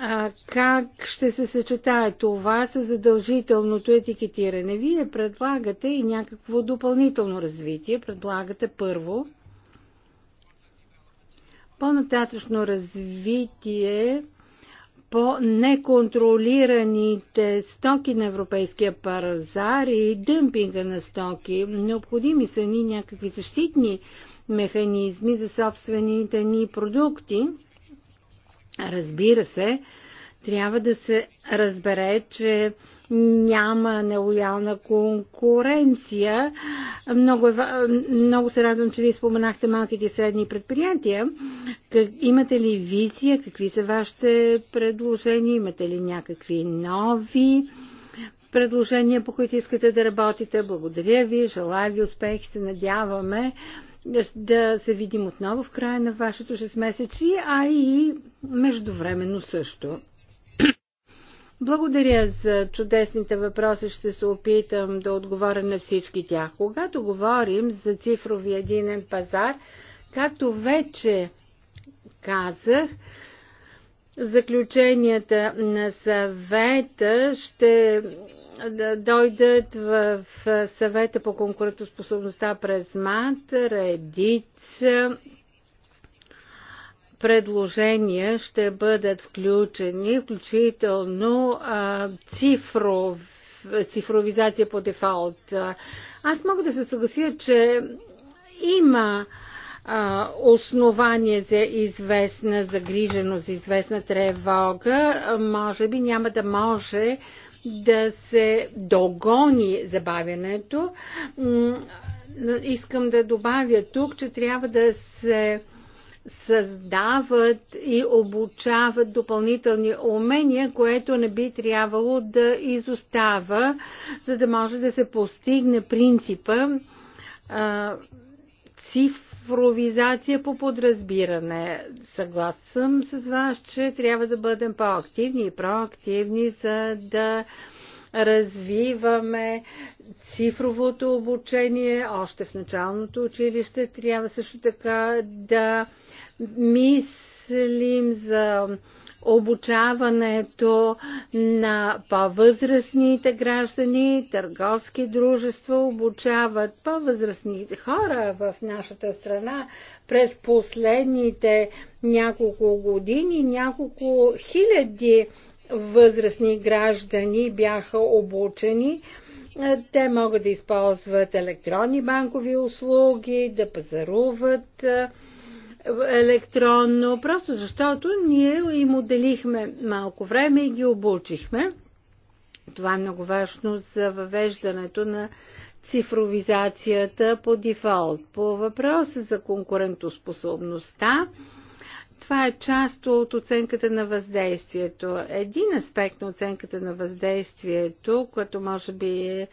а, как ще се съчетае това с задължителното етикетиране? Вие предлагате и някакво допълнително развитие. Предлагате първо по-нататъчно развитие по неконтролираните стоки на европейския пазар и дъмпинга на стоки. Необходими са ни някакви защитни механизми за собствените ни продукти Разбира се, трябва да се разбере, че няма нелоялна конкуренция. Много, е, много се радвам, че вие споменахте малките и средни предприятия. Как, имате ли визия? Какви са вашите предложения? Имате ли някакви нови предложения, по които искате да работите? Благодаря ви, желая ви успех. Се надяваме да, се видим отново в края на вашето 6 месечи, а и междувременно също. Благодаря за чудесните въпроси. Ще се опитам да отговоря на всички тях. Когато говорим за цифрови единен пазар, както вече казах, заключенията на съвета ще дойдат в съвета по конкурентоспособността през мат, Редица предложения ще бъдат включени, включително цифров, цифровизация по дефолт. Аз мога да се съглася, че има основание за известна загриженост, за известна тревога, може би няма да може да се догони забавянето. Искам да добавя тук, че трябва да се създават и обучават допълнителни умения, което не би трябвало да изостава, за да може да се постигне принципа цифра импровизация по подразбиране. Съгласен съм с вас, че трябва да бъдем по-активни и проактивни, за да развиваме цифровото обучение още в началното училище. Трябва също така да мислим за обучаването на по-възрастните граждани, търговски дружества обучават по-възрастни хора в нашата страна през последните няколко години, няколко хиляди възрастни граждани бяха обучени. Те могат да използват електронни банкови услуги, да пазаруват електронно, просто защото ние им отделихме малко време и ги обучихме. Това е много важно за въвеждането на цифровизацията по дефолт. По въпроса за конкурентоспособността, това е част от оценката на въздействието. Един аспект на оценката на въздействието, което може би е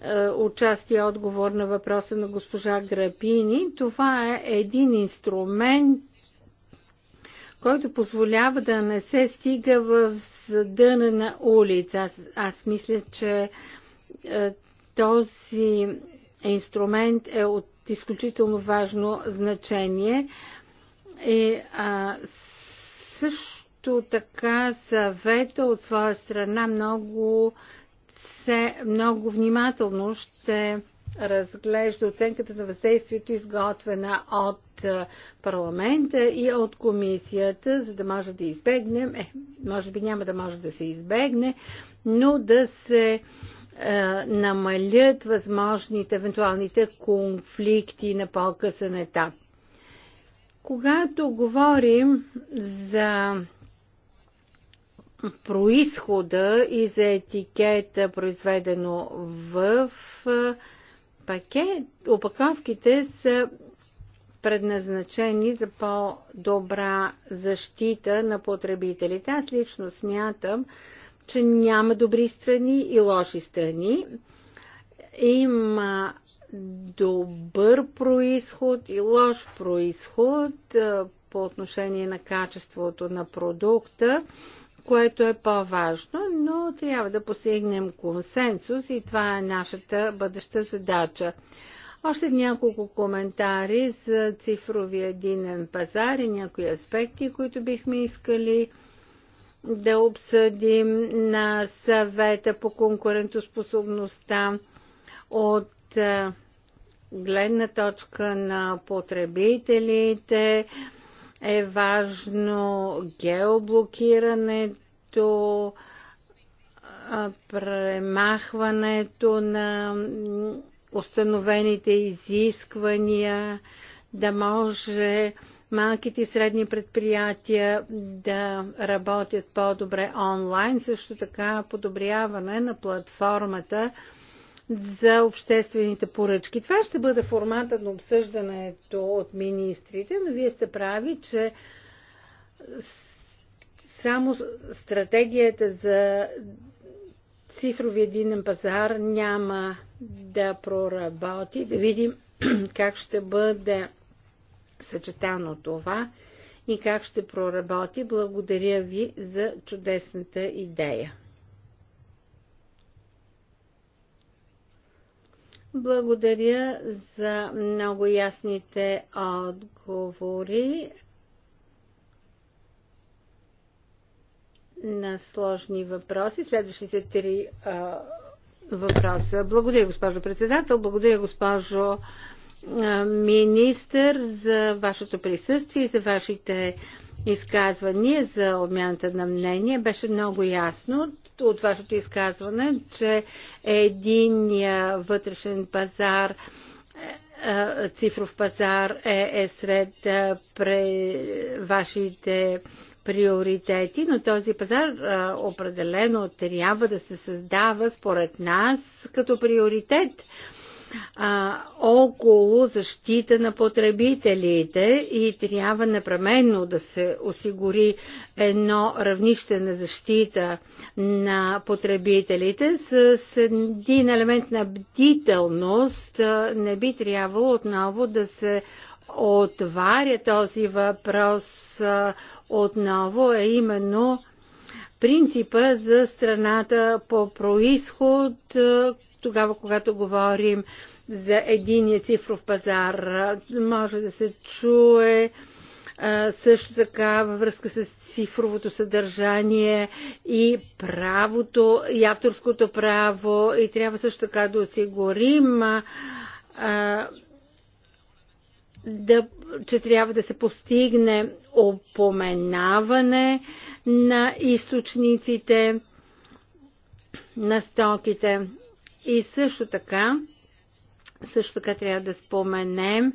е, участие отговор на въпроса на госпожа Грабини. Това е един инструмент, който позволява да не се стига в съдъна на улица. Аз, аз мисля, че е, този инструмент е от изключително важно значение. И а, също така съвета от своя страна много се много внимателно ще разглежда оценката на въздействието, изготвена от е, парламента и от комисията, за да може да избегнем, е, може би няма да може да се избегне, но да се е, намалят възможните евентуалните конфликти на по-късен етап. Когато говорим за происхода и за етикета, произведено в пакет. Опаковките са предназначени за по-добра защита на потребителите. Аз лично смятам, че няма добри страни и лоши страни. Има добър происход и лош происход по отношение на качеството на продукта което е по-важно, но трябва да постигнем консенсус и това е нашата бъдеща задача. Още няколко коментари за цифровия единен пазар и някои аспекти, които бихме искали да обсъдим на съвета по конкурентоспособността от е, гледна точка на потребителите, е важно геоблокирането, премахването на установените изисквания, да може малките и средни предприятия да работят по-добре онлайн, също така подобряване на платформата за обществените поръчки. Това ще бъде форматът на обсъждането от министрите, но вие сте прави, че само стратегията за цифрови единен пазар няма да проработи. Да видим как ще бъде съчетано това и как ще проработи. Благодаря ви за чудесната идея. Благодаря за много ясните отговори на сложни въпроси. Следващите три а, въпроса. Благодаря, госпожо председател. Благодаря, госпожо министър, за вашето присъствие и за вашите изказвания за обмяната на мнение. Беше много ясно от вашето изказване, че един вътрешен пазар е, е, цифров пазар е, е сред е, пре, вашите приоритети, но този пазар а, определено трябва да се създава според нас като приоритет. А, а, около защита на потребителите и трябва непременно да се осигури едно равнище на защита на потребителите с, един елемент на бдителност. Не би трябвало отново да се отваря този въпрос отново, а именно принципа за страната по происход, тогава, когато говорим за единия цифров пазар. Може да се чуе също така във връзка с цифровото съдържание и правото, и авторското право, и трябва също така да осигурим да, че трябва да се постигне опоменаване на източниците на стоките. И също така, също така трябва да споменем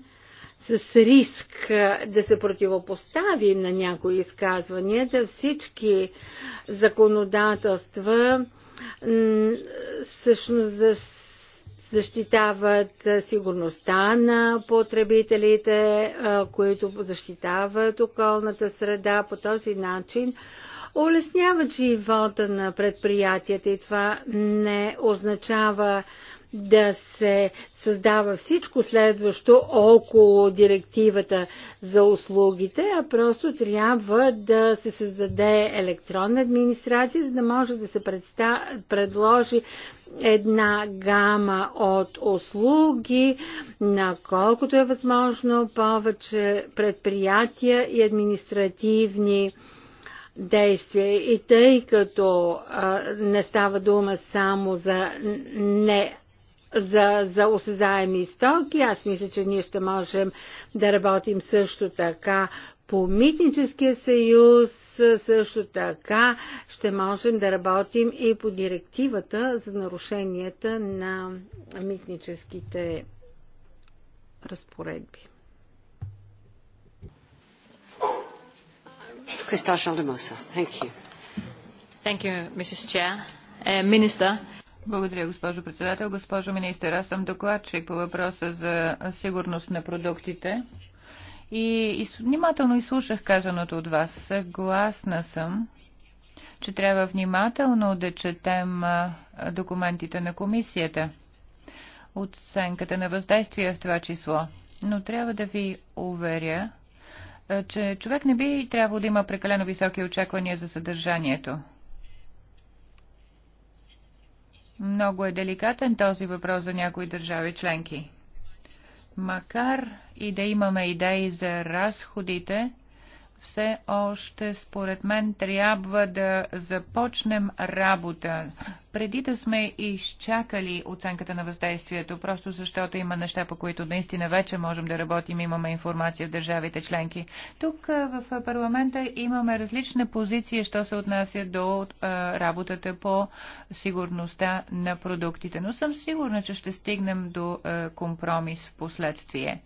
с риск да се противопоставим на някои изказвания, да всички законодателства всъщност защитават сигурността на потребителите, които защитават околната среда. По този начин улесняват живота на предприятията и това не означава да се създава всичко следващо около директивата за услугите, а просто трябва да се създаде електронна администрация, за да може да се предложи една гама от услуги на колкото е възможно повече предприятия и административни действие. И тъй като а, не става дума само за не за, за осезаеми стоки, аз мисля, че ние ще можем да работим също така по Митническия съюз, също така ще можем да работим и по директивата за нарушенията на митническите разпоредби. Mrs. Uh, благодаря, госпожо председател. Госпожо министър, аз съм докладчик по въпроса за сигурност на продуктите. и внимателно изслушах казаното от вас. Съгласна съм, че трябва внимателно да четем документите на комисията. Оценката на въздействие в това число. Но трябва да ви уверя, е, че човек не би трябвало да има прекалено високи очаквания за съдържанието. Много е деликатен този въпрос за някои държави членки. Макар и да имаме идеи за разходите, все още, според мен, трябва да започнем работа. Преди да сме изчакали оценката на въздействието, просто защото има неща, по които наистина вече можем да работим, имаме информация в държавите членки. Тук в парламента имаме различни позиции, що се отнася до работата по сигурността на продуктите. Но съм сигурна, че ще стигнем до компромис в последствие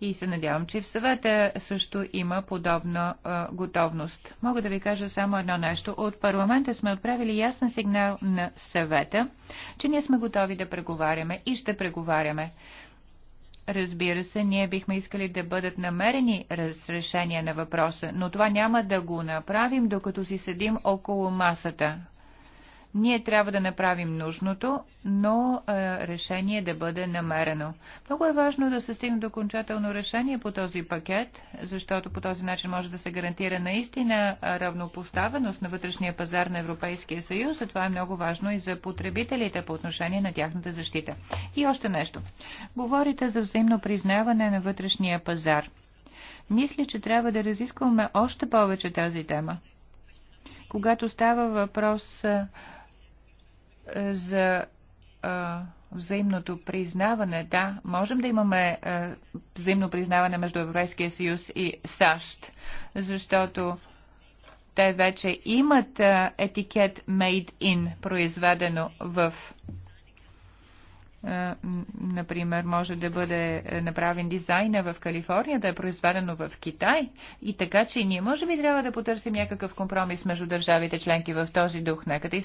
и се надявам, че в съвета също има подобна а, готовност. Мога да ви кажа само едно нещо. От парламента сме отправили ясен сигнал на съвета, че ние сме готови да преговаряме и ще преговаряме. Разбира се, ние бихме искали да бъдат намерени разрешения на въпроса, но това няма да го направим, докато си седим около масата. Ние трябва да направим нужното, но е, решение да бъде намерено. Много е важно да се стигне до окончателно решение по този пакет, защото по този начин може да се гарантира наистина е, равнопоставеност на вътрешния пазар на Европейския съюз, а това е много важно и за потребителите по отношение на тяхната защита. И още нещо. Говорите за взаимно признаване на вътрешния пазар. Мисля, че трябва да разискваме още повече тази тема. Когато става въпрос е, за а, взаимното признаване. Да, можем да имаме а, взаимно признаване между Европейския съюз и САЩ, защото те вече имат а, етикет made in, произведено в например, може да бъде е, направен дизайна в Калифорния, да е произведено в Китай. И така, че ние може би трябва да потърсим някакъв компромис между държавите членки в този дух. Нека да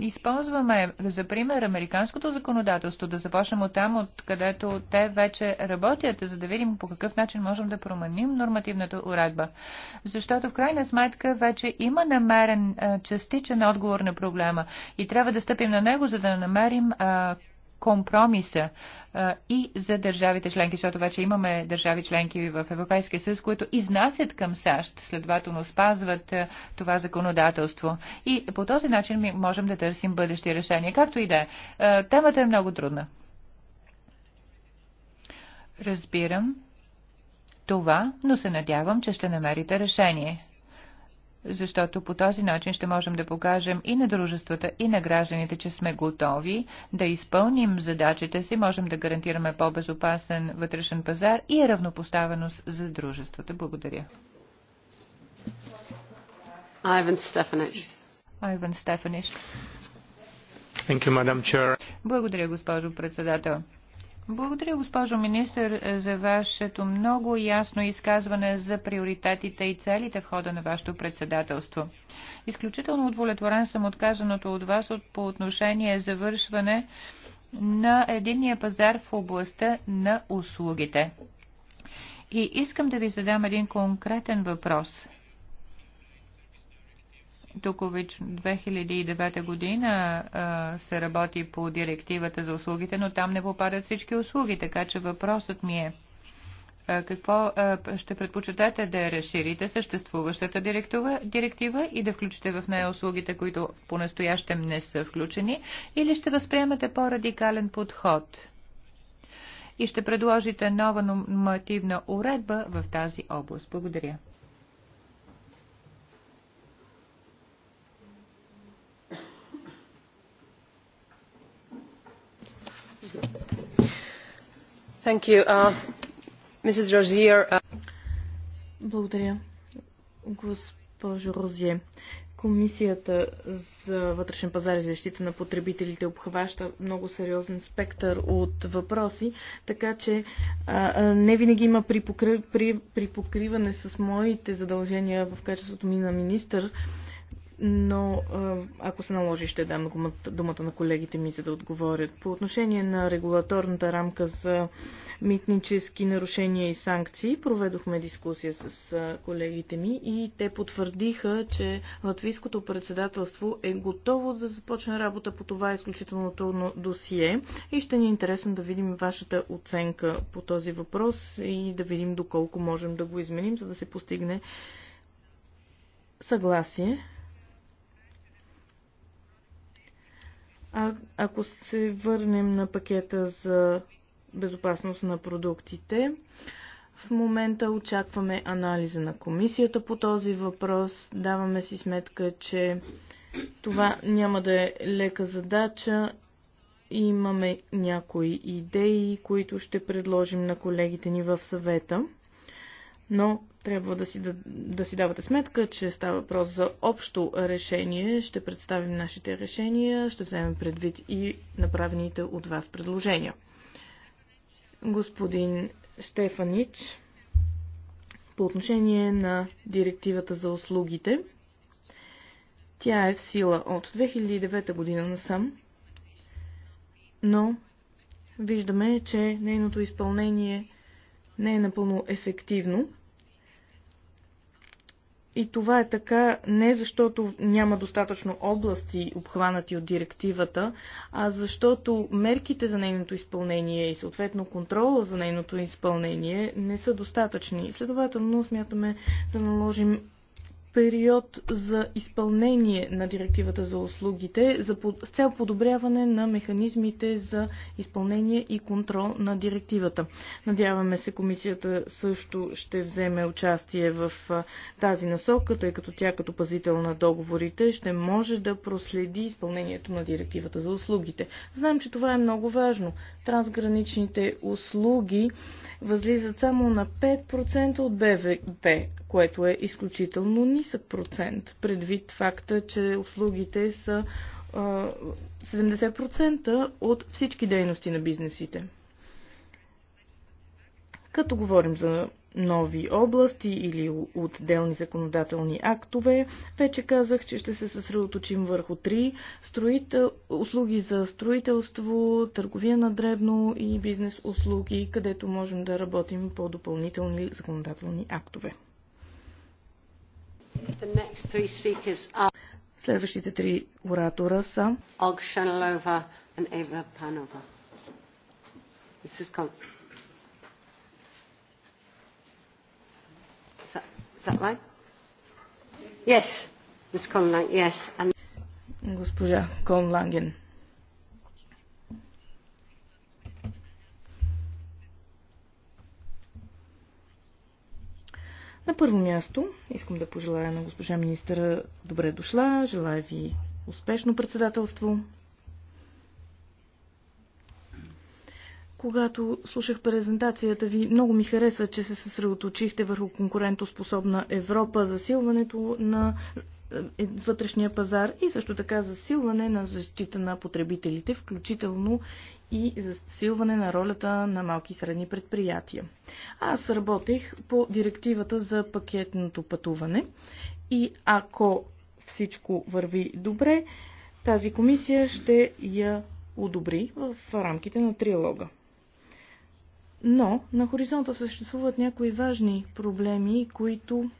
използваме, за пример, американското законодателство, да започнем от там, от където те вече работят, за да видим по какъв начин можем да променим нормативната уредба. Защото в крайна сметка вече има намерен частичен отговор на проблема и трябва да стъпим на него, за да намерим компромиса а, и за държавите членки, защото вече имаме държави членки в Европейския съюз, които изнасят към САЩ, следователно спазват а, това законодателство. И по този начин ми можем да търсим бъдещи решения. Както и да е. Темата е много трудна. Разбирам това, но се надявам, че ще намерите решение защото по този начин ще можем да покажем и на дружествата, и на гражданите, че сме готови да изпълним задачите си, можем да гарантираме по-безопасен вътрешен пазар и равнопоставеност за дружествата. Благодаря. Айвен Стефанич. Айвен Стефанич. Благодаря, госпожо председател. Благодаря, госпожо министр, за вашето много ясно изказване за приоритетите и целите в хода на вашето председателство. Изключително удовлетворен съм отказаното от вас от по отношение завършване на единния пазар в областта на услугите. И искам да ви задам един конкретен въпрос. Тук 2009 година а, се работи по директивата за услугите, но там не попадат всички услуги, така че въпросът ми е а, какво а, ще предпочитате да разширите съществуващата директива, директива и да включите в нея услугите, които по-настоящем не са включени, или ще възприемете по-радикален подход и ще предложите нова нормативна уредба в тази област? Благодаря. Uh, uh, Благодаря, госпожо Розие. Комисията за вътрешен пазар и защита на потребителите обхваща много сериозен спектър от въпроси, така че а, не винаги има при... припокриване с моите задължения в качеството ми на министър но ако се наложи, ще дам думата на колегите ми, за да отговорят. По отношение на регулаторната рамка за митнически нарушения и санкции, проведохме дискусия с колегите ми и те потвърдиха, че латвийското председателство е готово да започне работа по това изключително трудно досие и ще ни е интересно да видим вашата оценка по този въпрос и да видим доколко можем да го изменим, за да се постигне съгласие А, ако се върнем на пакета за безопасност на продуктите, в момента очакваме анализа на комисията по този въпрос. Даваме си сметка, че това няма да е лека задача. Имаме някои идеи, които ще предложим на колегите ни в съвета но трябва да си, да, да си давате сметка, че става въпрос за общо решение. Ще представим нашите решения, ще вземем предвид и направените от вас предложения. Господин Стефанич, по отношение на директивата за услугите, тя е в сила от 2009 година насам, но виждаме, че нейното изпълнение – не е напълно ефективно. И това е така не защото няма достатъчно области обхванати от директивата, а защото мерките за нейното изпълнение и съответно контрола за нейното изпълнение не са достатъчни. Следователно смятаме да наложим период за изпълнение на директивата за услугите за, с цел подобряване на механизмите за изпълнение и контрол на директивата. Надяваме се комисията също ще вземе участие в тази насока, тъй като тя като пазител на договорите ще може да проследи изпълнението на директивата за услугите. Знаем, че това е много важно. Трансграничните услуги възлизат само на 5% от БВП, което е изключително ниско 30%, предвид факта, че услугите са 70% от всички дейности на бизнесите. Като говорим за нови области или отделни законодателни актове. Вече казах, че ще се съсредоточим върху три строител, услуги за строителство, търговия на дребно и бизнес услуги, където можем да работим по допълнителни законодателни актове. Следващите три оратора са Ог Шанлова и Ева Панова. Mrs. Con- Yes, Госпожа Конланген. На първо място искам да пожелая на госпожа министра добре дошла, желая ви успешно председателство. Когато слушах презентацията ви, много ми хареса, че се съсредоточихте върху конкурентоспособна Европа, засилването на е, е, вътрешния пазар и също така засилване на защита на потребителите, включително и засилване на ролята на малки и средни предприятия. Аз работех по директивата за пакетното пътуване и ако всичко върви добре, тази комисия ще я одобри в рамките на триалога. Но на хоризонта съществуват някои важни проблеми, които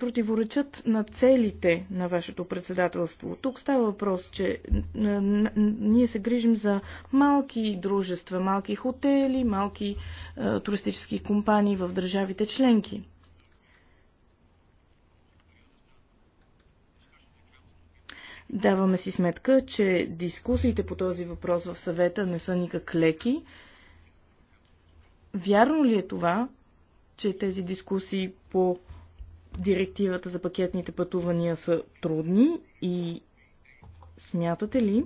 противоречат на целите на вашето председателство. Тук става въпрос, че ние се грижим за малки дружества, малки хотели, малки е, туристически компании в държавите членки. Даваме си сметка, че дискусиите по този въпрос в съвета не са никак леки. Вярно ли е това, че тези дискусии по директивата за пакетните пътувания са трудни и смятате ли,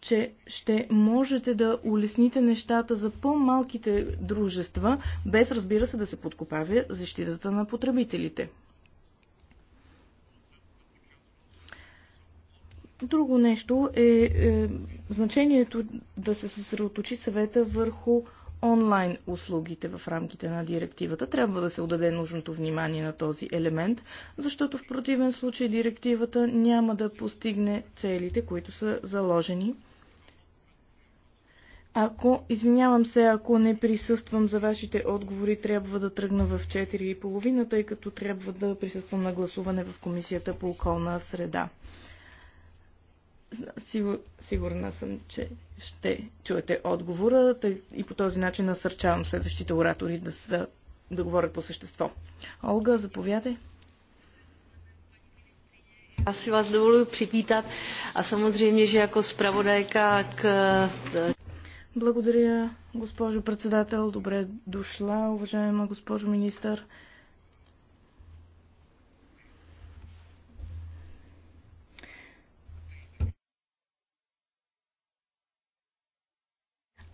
че ще можете да улесните нещата за по-малките дружества, без разбира се да се подкопавя защитата на потребителите? Друго нещо е, е значението да се съсредоточи съвета върху онлайн услугите в рамките на директивата. Трябва да се отдаде нужното внимание на този елемент, защото в противен случай директивата няма да постигне целите, които са заложени. Ако, извинявам се, ако не присъствам за вашите отговори, трябва да тръгна в 4.30, тъй като трябва да присъствам на гласуване в Комисията по околна среда. Сигур, сигурна съм, че ще чуете отговора и по този начин насърчавам следващите оратори да, са, да говорят по същество. Олга, заповядай. Já si vás dovoluji připítat a samozřejmě, že jako zpravodajka k... E, Благодаря, госпожо председател. Добре дошла, уважаема госпожо министър.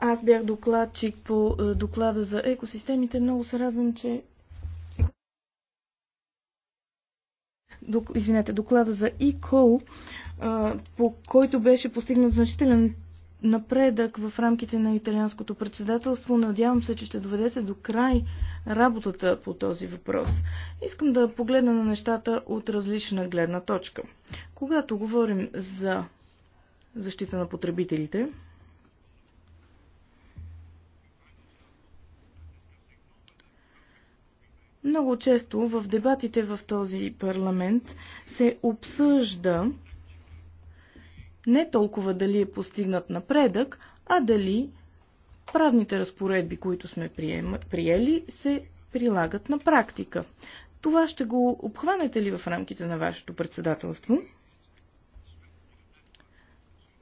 Аз бях докладчик по е, доклада за екосистемите. Много се радвам, че извинете, доклада за ECOL, е, по който беше постигнат значителен напредък в рамките на италианското председателство. Надявам се, че ще доведете до край работата по този въпрос. Искам да погледна на нещата от различна гледна точка. Когато говорим за защита на потребителите, Много често в дебатите в този парламент се обсъжда не толкова дали е постигнат напредък, а дали правните разпоредби, които сме приели, се прилагат на практика. Това ще го обхванете ли в рамките на вашето председателство?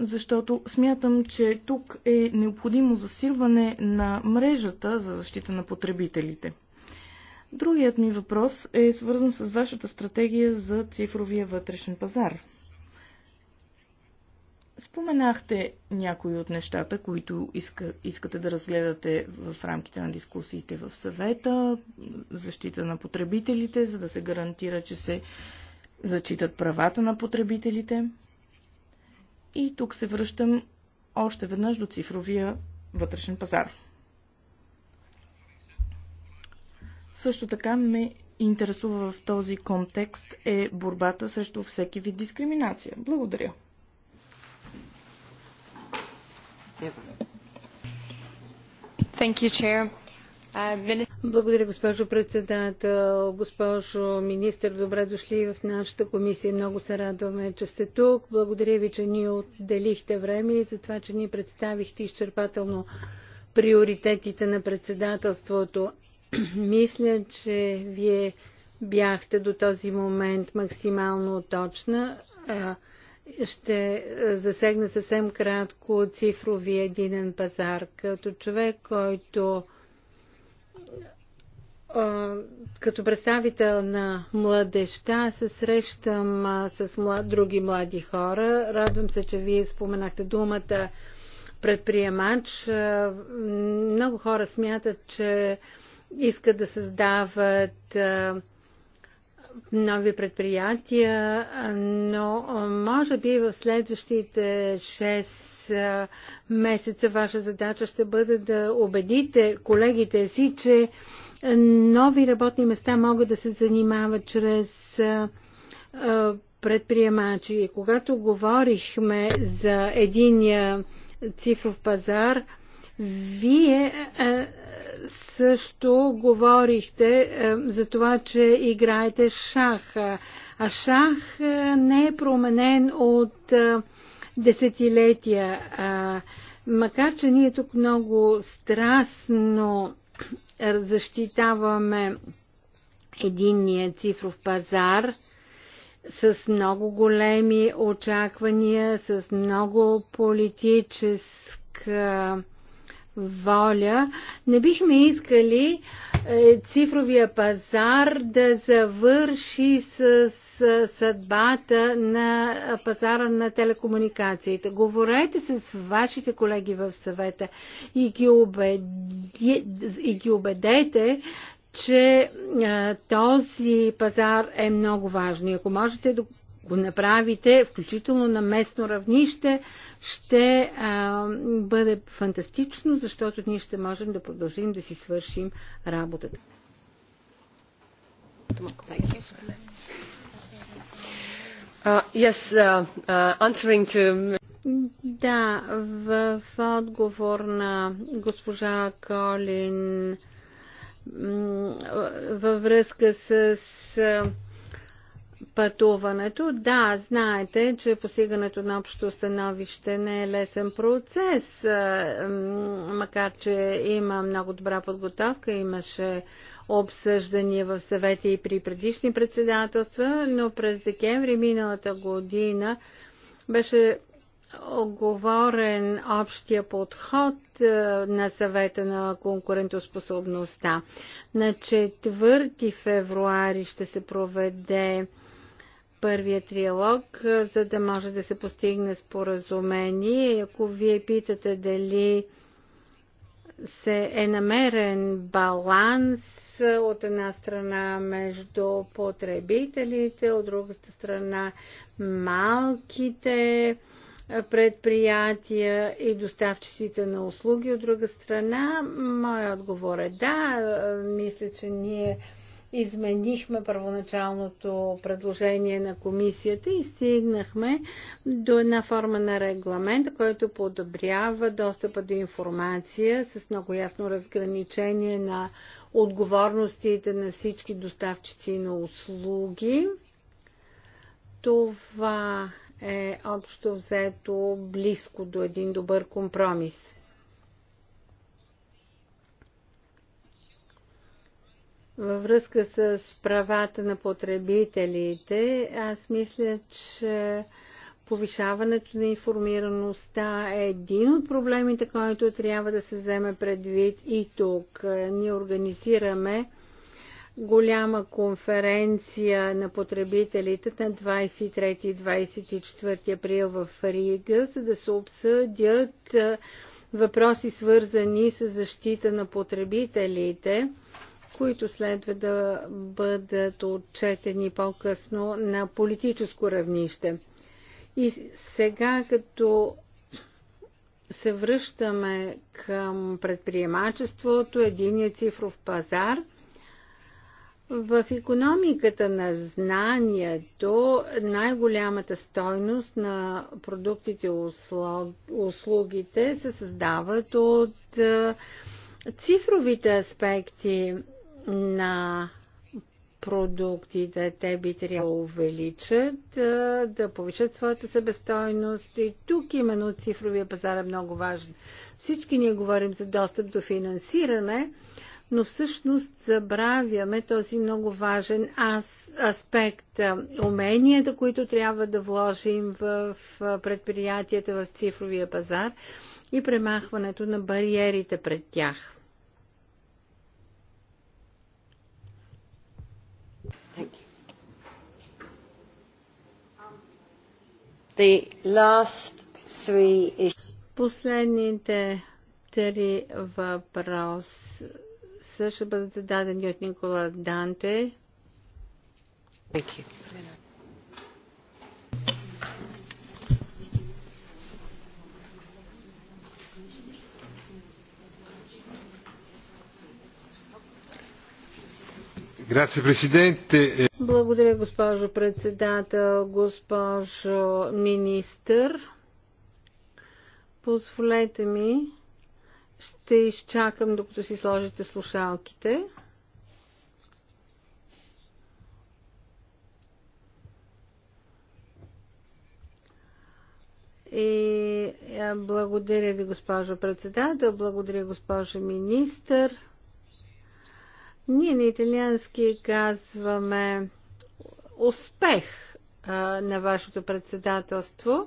Защото смятам, че тук е необходимо засилване на мрежата за защита на потребителите – Другият ми въпрос е свързан с вашата стратегия за цифровия вътрешен пазар. Споменахте някои от нещата, които иска, искате да разгледате в рамките на дискусиите в съвета, защита на потребителите, за да се гарантира, че се зачитат правата на потребителите. И тук се връщам още веднъж до цифровия вътрешен пазар. Също така ме интересува в този контекст е борбата срещу всеки вид дискриминация. Благодаря. Uh, Благодаря, госпожо председател. Госпожо министр, добре дошли в нашата комисия. Много се радваме, че сте тук. Благодаря ви, че ни отделихте време и за това, че ни представихте изчерпателно приоритетите на председателството. Мисля, че вие бяхте до този момент максимално точна. Ще засегна съвсем кратко цифрови единен пазар. Като човек, който като представител на младеща се срещам с млад, други млади хора. Радвам се, че вие споменахте думата предприемач. Много хора смятат, че искат да създават нови предприятия, но може би в следващите 6 месеца ваша задача ще бъде да убедите колегите си, че нови работни места могат да се занимават чрез предприемачи. Когато говорихме за единия цифров пазар, вие е, е, също говорихте е, за това, че играете шах. А шах не е променен от десетилетия. Макар, че ние тук много страстно защитаваме единния цифров пазар с много големи очаквания, с много политическа воля, не бихме искали е, цифровия пазар да завърши с съдбата на пазара на телекомуникациите. Говорете с вашите колеги в съвета и ги, убеди, и ги убедете, че а, е, този пазар е много важен. И ако можете да го направите, включително на местно равнище, ще а, бъде фантастично, защото ние ще можем да продължим да си свършим работата. Uh, yes, uh, uh, to да, в, отговор на госпожа Колин във връзка с, с пътуването. Да, знаете, че постигането на общо становище не е лесен процес, макар че има много добра подготовка, имаше обсъждания в съвета и при предишни председателства, но през декември миналата година беше оговорен общия подход на съвета на конкурентоспособността. На 4 февруари ще се проведе първия триалог, за да може да се постигне споразумение. ако вие питате дали се е намерен баланс от една страна между потребителите, от другата страна малките предприятия и доставчиците на услуги. От друга страна, моят отговор е да, мисля, че ние изменихме първоначалното предложение на комисията и стигнахме до една форма на регламент, който подобрява достъпа до информация с много ясно разграничение на отговорностите на всички доставчици на услуги. Това е общо взето близко до един добър компромис. Във връзка с правата на потребителите, аз мисля, че повишаването на информираността е един от проблемите, който трябва да се вземе предвид и тук. Е, ние организираме голяма конференция на потребителите на 23 и 24 април в Рига, за да се обсъдят е, въпроси свързани с защита на потребителите – които следва да бъдат отчетени по-късно на политическо равнище. И сега, като се връщаме към предприемачеството, единия цифров пазар, в економиката на знанието най-голямата стойност на продуктите и услугите се създават от е, цифровите аспекти на продуктите. Те би трябвало да увеличат, да повишат своята себестойност. И тук именно цифровия пазар е много важен. Всички ние говорим за достъп до финансиране, но всъщност забравяме този много важен аспект уменията, които трябва да вложим в предприятията в цифровия пазар и премахването на бариерите пред тях. Последните три въпроса ще бъдат зададени от Никола Данте. Thank you. Благодаря, госпожо председател, госпожо министър. Позволете ми, ще изчакам докато си сложите слушалките. И е, благодаря ви, госпожо председател, благодаря, госпожо министър. Ние на италиански казваме успех а, на вашето председателство.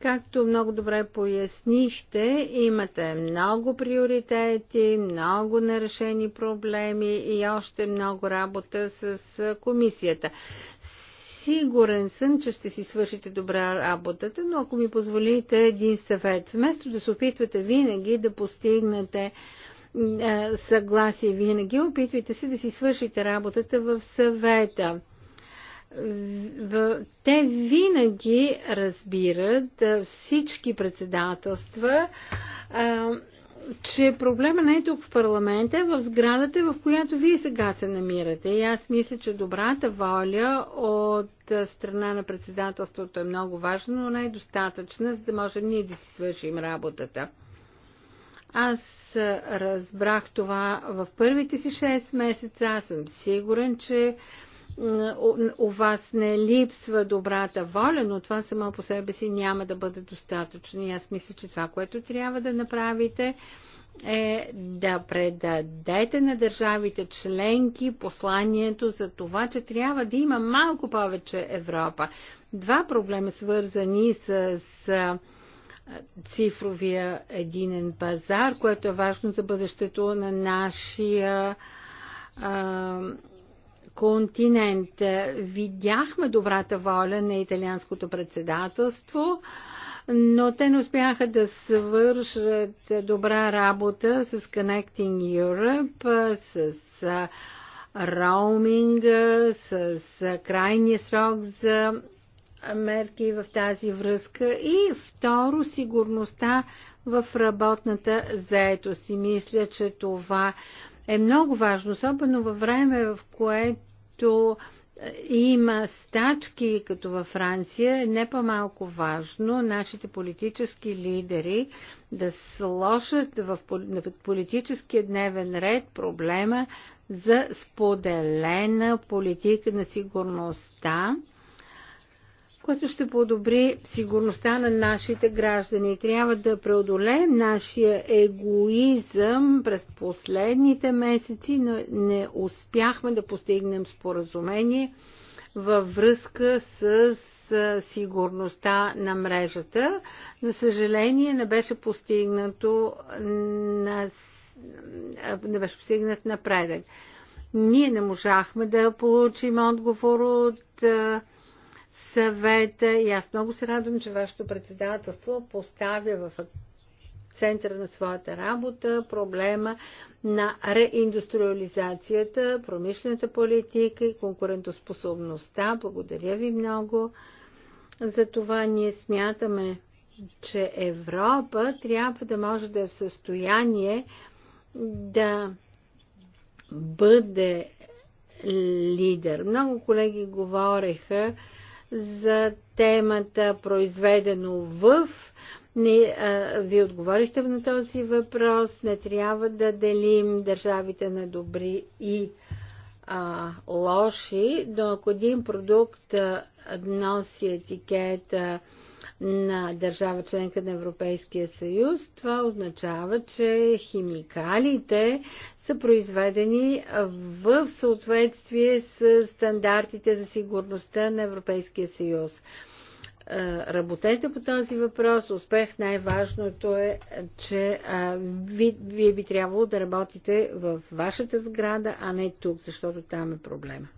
Както много добре пояснихте, имате много приоритети, много нерешени проблеми и още много работа с комисията. Сигурен съм, че ще си свършите добра работата, но ако ми позволите един съвет, вместо да се опитвате винаги да постигнете е, съгласие винаги. Опитвайте се да си свършите работата в съвета. Те винаги разбират е, всички председателства е, че проблема не е тук в парламента, в сградата, в която вие сега се намирате. И аз мисля, че добрата воля от страна на председателството е много важна, но не е достатъчна, за да можем ние да си свършим работата. Аз разбрах това в първите си 6 месеца. Аз съм сигурен, че у вас не липсва добрата воля, но това само по себе си няма да бъде достатъчно. И аз мисля, че това, което трябва да направите, е да предадете на държавите членки посланието за това, че трябва да има малко повече Европа. Два проблема свързани с, с цифровия единен пазар, което е важно за бъдещето на нашия а, континент. Видяхме добрата воля на италианското председателство, но те не успяха да свършат добра работа с Connecting Europe, с роуминга, с крайния срок за мерки в тази връзка. И второ, сигурността в работната заетост. И мисля, че това е много важно, особено във време, в което е, има стачки, като във Франция, е не по-малко важно нашите политически лидери да сложат в политическия дневен ред проблема за споделена политика на сигурността което ще подобри сигурността на нашите граждани. Трябва да преодолеем нашия егоизъм. През последните месеци но не успяхме да постигнем споразумение във връзка с сигурността на мрежата. За съжаление не беше постигнато на... не беше постигнат напредък. Ние не можахме да получим отговор от съвета и аз много се радвам, че вашето председателство поставя в центъра на своята работа проблема на реиндустриализацията, промишлената политика и конкурентоспособността. Благодаря ви много. За това ние смятаме, че Европа трябва да може да е в състояние да бъде лидер. Много колеги говореха за темата произведено в. Не, а, ви отговорихте на този въпрос. Не трябва да делим държавите на добри и а, лоши, но ако един продукт носи етикета на държава членка на Европейския съюз, това означава, че химикалите са произведени в съответствие с стандартите за сигурността на Европейския съюз е, работете по този въпрос. Успех най-важното е, че а, е, ви, вие би трябвало да работите в вашата сграда, а не тук, защото там е проблема.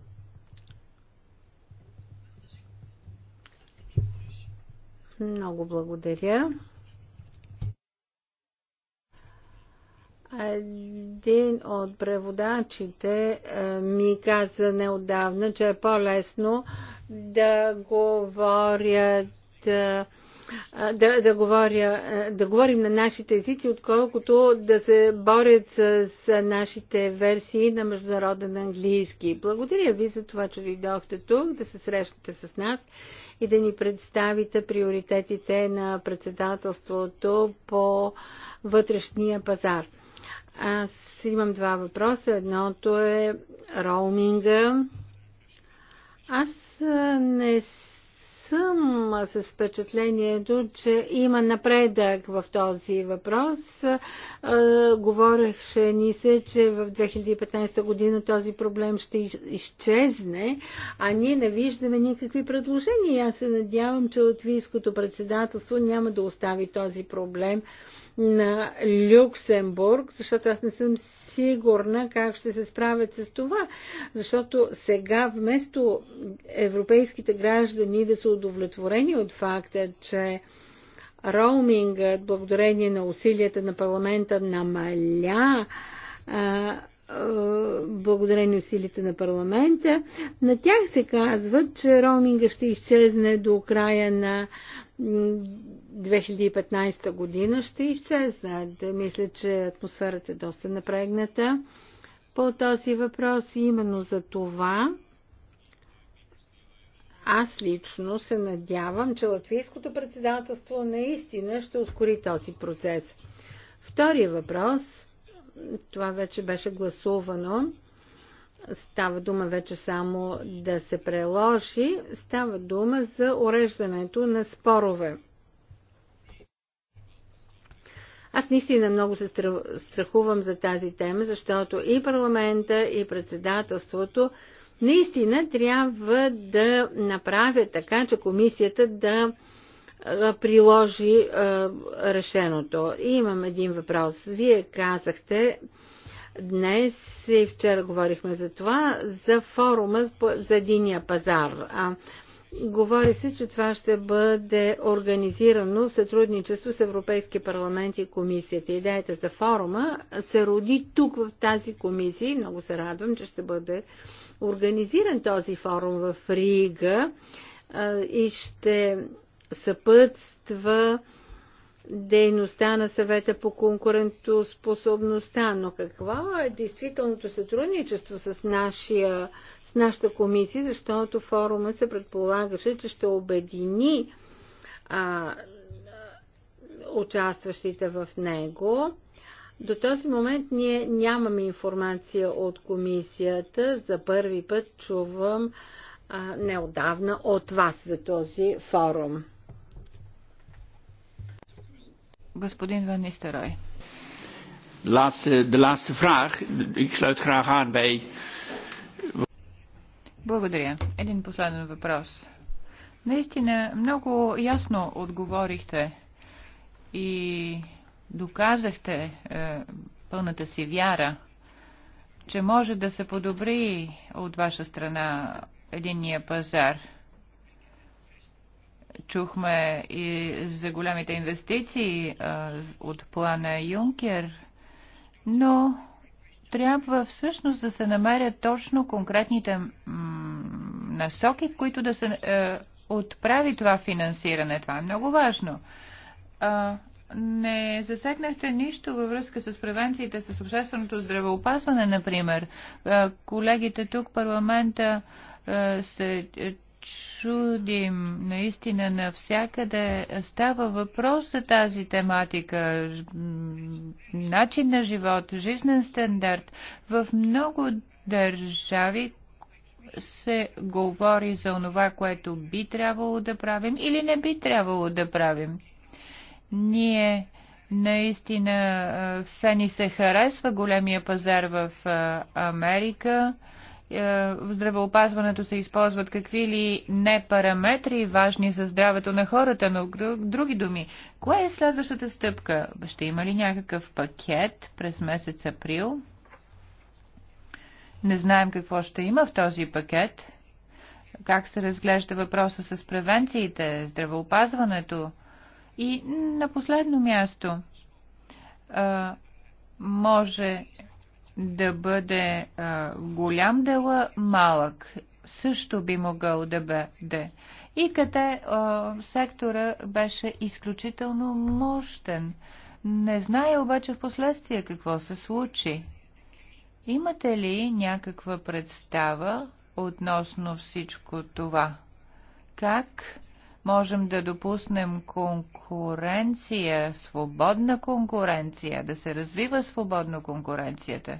Много благодаря. Един от преводачите е, ми каза неодавна, че е по-лесно да говорят е, да, да, говоря, е, да говорим на нашите езици, отколкото да се борят с, нашите версии на международен английски. Благодаря ви за това, че дойдохте тук, да се срещате с нас и да ни представите приоритетите на председателството по вътрешния пазар. Аз имам два въпроса. Едното е роуминга. Аз не съм с впечатлението, че има напредък в този въпрос. Говореше ни се, че в 2015 година този проблем ще изчезне, а ние не виждаме никакви предложения. Аз се надявам, че латвийското председателство няма да остави този проблем на Люксембург, защото аз не съм сигурна как ще се справят с това, защото сега вместо европейските граждани да са удовлетворени от факта, че роумингът, благодарение на усилията на парламента, намаля благодарение усилите на парламента. На тях се казва, че роуминга ще изчезне до края на 2015 година ще изчезнат. Мисля, че атмосферата е доста напрегната по този въпрос и именно за това аз лично се надявам, че латвийското председателство наистина ще ускори този процес. Втория въпрос, това вече беше гласувано, става дума вече само да се преложи, става дума за уреждането на спорове. Аз наистина много се страхувам за тази тема, защото и парламента, и председателството наистина трябва да направят така, че комисията да приложи решеното. И имам един въпрос. Вие казахте, Днес и вчера говорихме за това, за форума за единия пазар. А, говори се, че това ще бъде организирано в сътрудничество с Европейския парламент и комисията. Идеята за форума се роди тук в тази комисия и много се радвам, че ще бъде организиран този форум в Рига и ще съпътства дейността на съвета по конкурентоспособността, но какво е действителното сътрудничество с, нашия, с нашата комисия, защото форума се предполагаше, че ще обедини а, участващите в него. До този момент ние нямаме информация от комисията. За първи път чувам а, неодавна от вас за този форум. Господин Ван Нистерой. laatste, de laatste vraag. Ik sluit graag aan bij. Благодаря. Един последен въпрос. Наистина много ясно отговорихте и доказахте е, пълната си вяра, че може да се подобри от ваша страна единния пазар – Чухме и за големите инвестиции от плана Юнкер, но трябва всъщност да се намерят точно конкретните насоки, в които да се е, отправи това финансиране. Това е много важно. не засегнахте нищо във връзка с превенциите с общественото здравеопазване, например. Колегите тук в парламента е, се е, чудим. Наистина навсякъде става въпрос за тази тематика. Начин на живот, жизнен стандарт. В много държави се говори за онова, което би трябвало да правим или не би трябвало да правим. Ние наистина все ни се харесва големия пазар в Америка. Е, в здравеопазването се използват какви ли не параметри, важни за здравето на хората, но други думи. Кое е следващата стъпка? Ще има ли някакъв пакет през месец април? Не знаем какво ще има в този пакет. Как се разглежда въпроса с превенциите, здравеопазването? И на последно място, е, може да бъде а, голям дела, малък също би могъл да бъде. И къде а, сектора беше изключително мощен. Не зная обаче в последствие какво се случи. Имате ли някаква представа относно всичко това? Как можем да допуснем конкуренция, свободна конкуренция, да се развива свободно конкуренцията?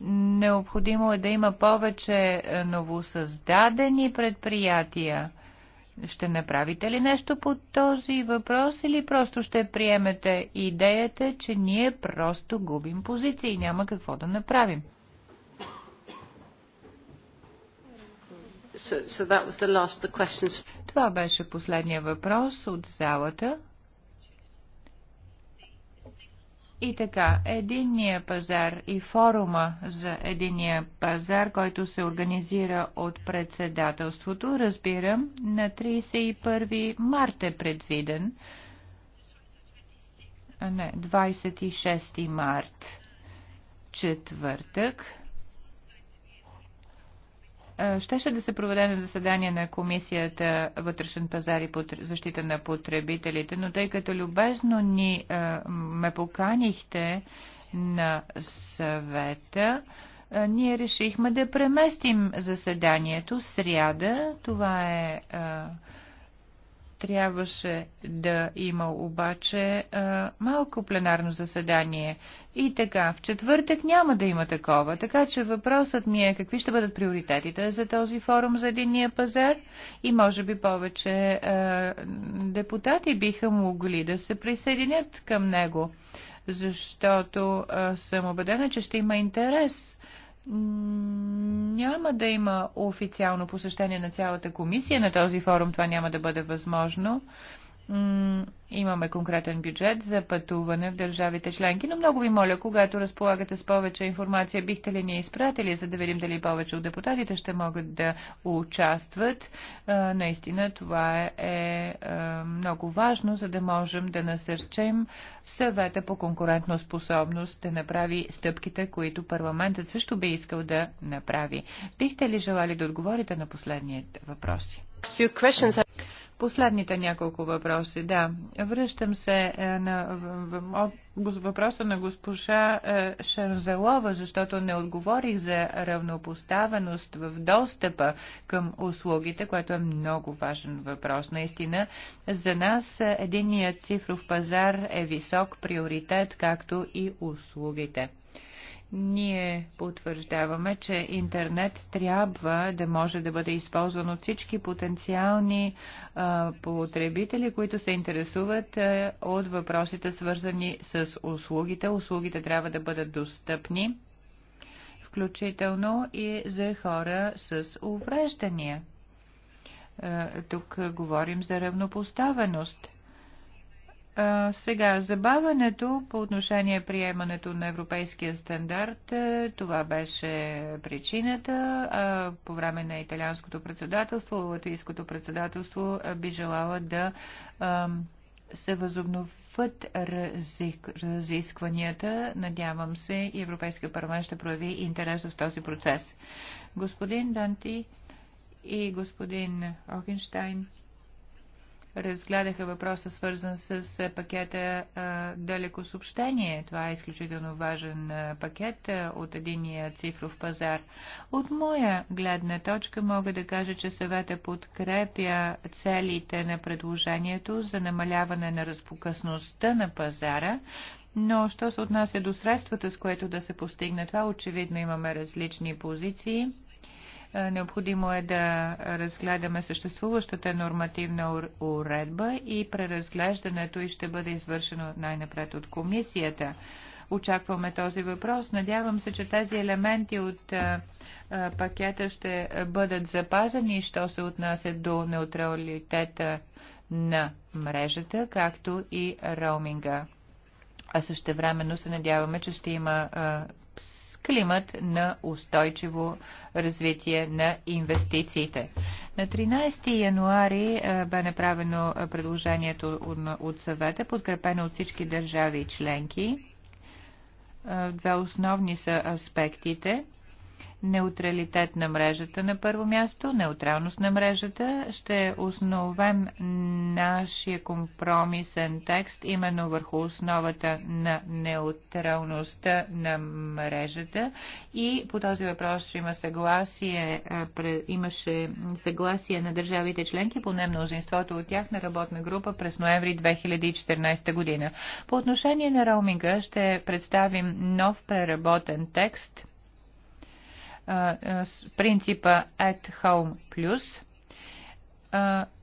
Необходимо е да има повече е, новосъздадени предприятия. Ще направите ли нещо по този въпрос или просто ще приемете идеята, че ние просто губим позиции и няма какво да направим? So, so that was the last the Това беше последния въпрос от залата. И така, единния пазар и форума за единния пазар, който се организира от председателството, разбирам, на 31 март е предвиден. Не, 26 март, четвъртък. Е, щеше да се проведе на заседание на комисията вътрешен пазар и защита на потребителите, но тъй като любезно ни е, ме поканихте на съвета, е, ние решихме да преместим заседанието сряда. Това е трябваше да има обаче а, малко пленарно заседание. И така, в четвъртък няма да има такова, така че въпросът ми е какви ще бъдат приоритетите за този форум за единния пазар и може би повече а, депутати биха могли да се присъединят към него, защото а, съм убедена, че ще има интерес. А, няма да има официално посещение на цялата комисия на този форум. Това няма да бъде възможно имаме конкретен бюджет за пътуване в държавите членки, но много ви моля, когато разполагате с повече информация, бихте ли ни изпратили, за да видим дали повече от депутатите ще могат да участват. Наистина това е, е много важно, за да можем да насърчим съвета по конкурентно способност да направи стъпките, които парламентът също би искал да направи. Бихте ли желали да отговорите на последният въпроси? Последните няколко въпроси, да. Връщам се е, на въпроса на госпожа е, Шарзелова, защото не отговорих за равнопоставеност в достъпа към услугите, което е много важен въпрос. Наистина, за нас е, единият цифров пазар е висок приоритет, както и услугите. Ние потвърждаваме, че интернет трябва да може да бъде използван от всички потенциални а, потребители, които се интересуват а, от въпросите, свързани с услугите. Услугите трябва да бъдат достъпни, включително и за хора с увреждания. Тук говорим за равнопоставеност сега, забаването по отношение приемането на европейския стандарт, това беше причината. по време на италианското председателство, латвийското председателство би желала да се възобновят разискванията. Надявам се, и Европейския парламент ще прояви интерес в този процес. Господин Данти и господин Охенштайн разгледаха въпроса свързан с пакета далеко съобщение. Това е изключително важен пакет от единия цифров пазар. От моя гледна точка мога да кажа, че съвета подкрепя целите на предложението за намаляване на разпокъсността на пазара, но що се отнася до средствата, с което да се постигне това, очевидно имаме различни позиции. Е, необходимо е да разгледаме съществуващата нормативна уредба и преразглеждането и ще бъде извършено най-напред от комисията. Очакваме този въпрос. Надявам се, че тези елементи от е, е, пакета ще бъдат запазени, що се отнася до неутралитета на мрежата, както и роуминга. А също времено се надяваме, че ще има климат на устойчиво развитие на инвестициите. На 13 януари е, бе направено е, предложението от съвета, подкрепено от всички държави и членки. Е, две основни са аспектите Неутралитет на мрежата на първо място, неутралност на мрежата ще основем нашия компромисен текст именно върху основата на неутралността на мрежата и по този въпрос ще има съгласие, е, имаше съгласие на държавите членки, поне мнозинството от тях на работна група през ноември 2014 година. По отношение на роуминга ще представим нов преработен текст – принципа At Home Plus,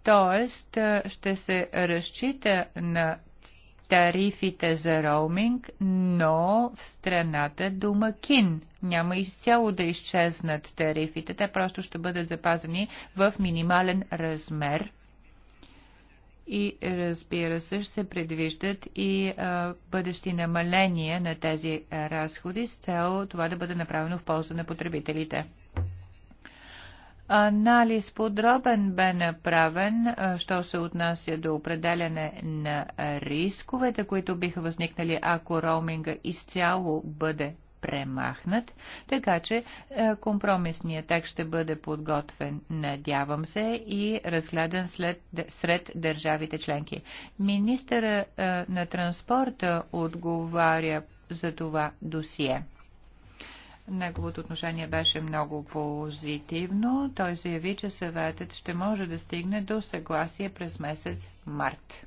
т.е. ще се разчита на тарифите за роуминг, но в страната домакин. Няма изцяло да изчезнат тарифите, те просто ще бъдат запазени в минимален размер и разбира се, ще се предвиждат и а, бъдещи намаления на тези разходи с цел това да бъде направено в полза на потребителите. Анализ подробен бе направен, що се отнася до определяне на рисковете, които биха възникнали, ако роуминга изцяло бъде премахнат, така че е, компромисният текст ще бъде подготвен, надявам се, и разгледан след, сред държавите членки. Министъра е, на транспорта отговаря за това досие. Неговото отношение беше много позитивно. Той заяви, че съветът ще може да стигне до съгласие през месец март.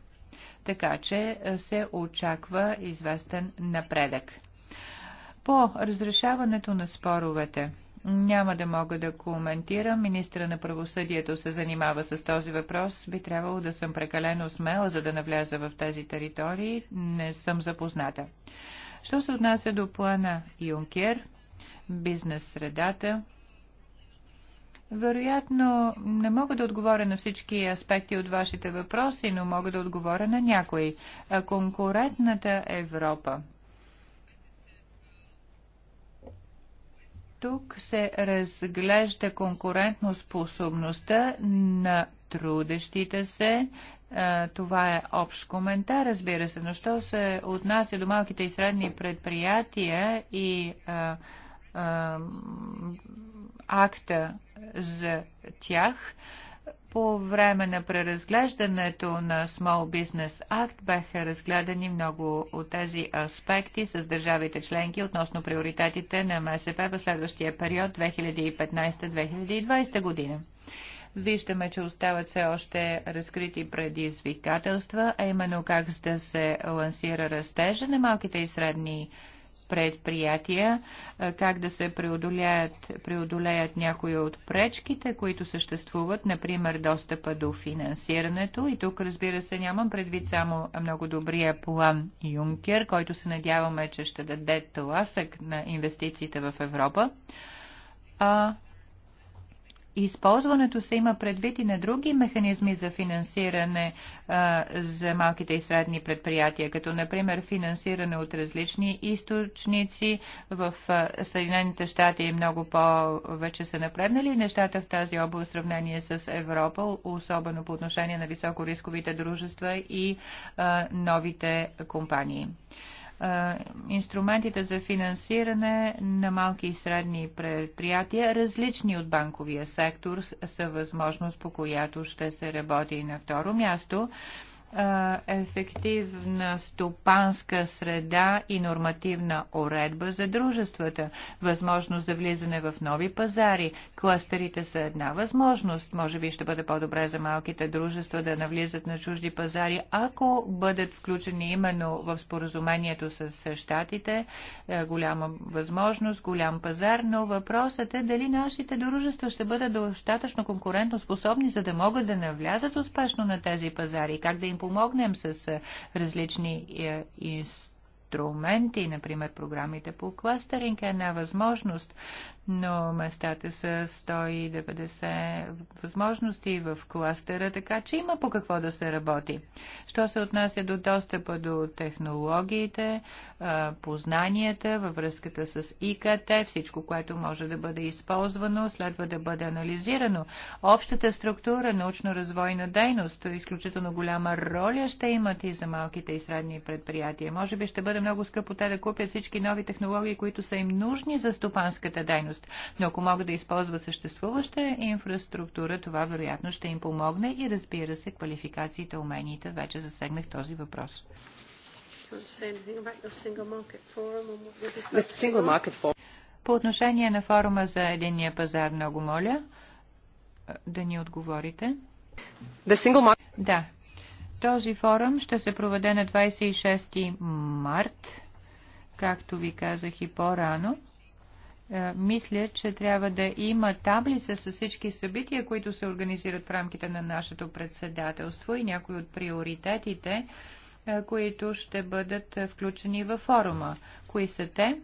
Така че е, се очаква известен напредък. По разрешаването на споровете. Няма да мога да коментирам. Министра на правосъдието се занимава с този въпрос. Би трябвало да съм прекалено смела, за да навляза в тези територии. Не съм запозната. Що се отнася до плана Юнкер, бизнес средата, вероятно не мога да отговоря на всички аспекти от вашите въпроси, но мога да отговоря на някои. Конкурентната Европа. Тук се разглежда конкурентноспособността на трудещите се. Това е общ коментар, разбира се, но що се отнася до малките и средни предприятия и а, а, акта за тях, а, по време на преразглеждането на Small Business Act бяха разгледани много от тези аспекти с държавите членки относно приоритетите на МСП в следващия период 2015-2020 година. Виждаме, че остават все още разкрити предизвикателства, а именно как да се лансира растежа на малките и средни предприятия предприятия, как да се преодолеят, преодолеят някои от пречките, които съществуват, например достъпа до финансирането. И тук, разбира се, нямам предвид само много добрия план Юнкер, който се надяваме, че ще даде тласък на инвестициите в Европа, а използването се има предвид и на други механизми за финансиране а, за малките и средни предприятия, като например финансиране от различни източници. В Съединените щати много повече са напреднали нещата в тази област в сравнение с Европа, особено по отношение на високорисковите дружества и а, новите компании инструментите за финансиране на малки и средни предприятия, различни от банковия сектор, са възможност, по която ще се работи. И на второ място, е, ефективна стопанска среда и нормативна уредба за дружествата, възможност за влизане в нови пазари. Кластерите са една възможност. Може би ще бъде по-добре за малките дружества да навлизат на чужди пазари, ако бъдат включени именно в споразумението с щатите. Е, голяма възможност, голям пазар, но въпросът е дали нашите дружества ще бъдат достатъчно конкурентно способни, за да могат да навлязат успешно на тези пазари, как да им помогнем с е, различни е, инструменти инструменти, например програмите по кластеринг е една възможност, но местата са 190 възможности в кластера, така че има по какво да се работи. Що се отнася до достъпа до технологиите, познанията във връзката с ИКТ, всичко, което може да бъде използвано, следва да бъде анализирано. Общата структура, научно-развойна дейност, изключително голяма роля ще имат и за малките и средни предприятия. Може би ще бъдем много скъпо те да купят всички нови технологии, които са им нужни за стопанската дейност. Но ако могат да използват съществуваща инфраструктура, това вероятно ще им помогне и разбира се, квалификациите, уменията. Вече засегнах този въпрос. По отношение на форума за единния пазар, много моля да ни отговорите. Да, този форум ще се проведе на 26 март, както ви казах и по-рано. Е, мисля, че трябва да има таблица с всички събития, които се организират в рамките на нашето председателство и някои от приоритетите, е, които ще бъдат включени във форума. Кои са те?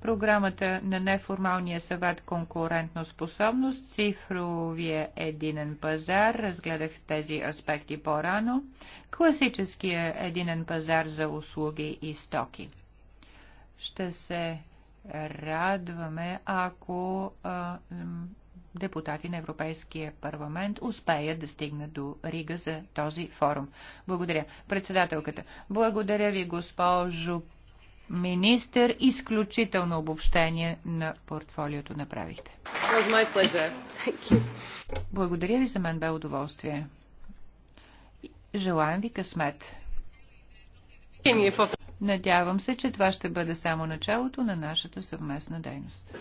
програмата на неформалния съвет конкурентно способност, цифровия единен пазар, разгледах тези аспекти по-рано, класическия единен пазар за услуги и стоки. Ще се радваме, ако а, депутати на Европейския парламент успеят да стигнат до Рига за този форум. Благодаря. Председателката. Благодаря ви, госпожо Министър, Изключително обобщение на портфолиото направихте. Благодаря ви, за мен бе удоволствие. Желаем ви късмет. Надявам се, че това ще бъде само началото на нашата съвместна дейност.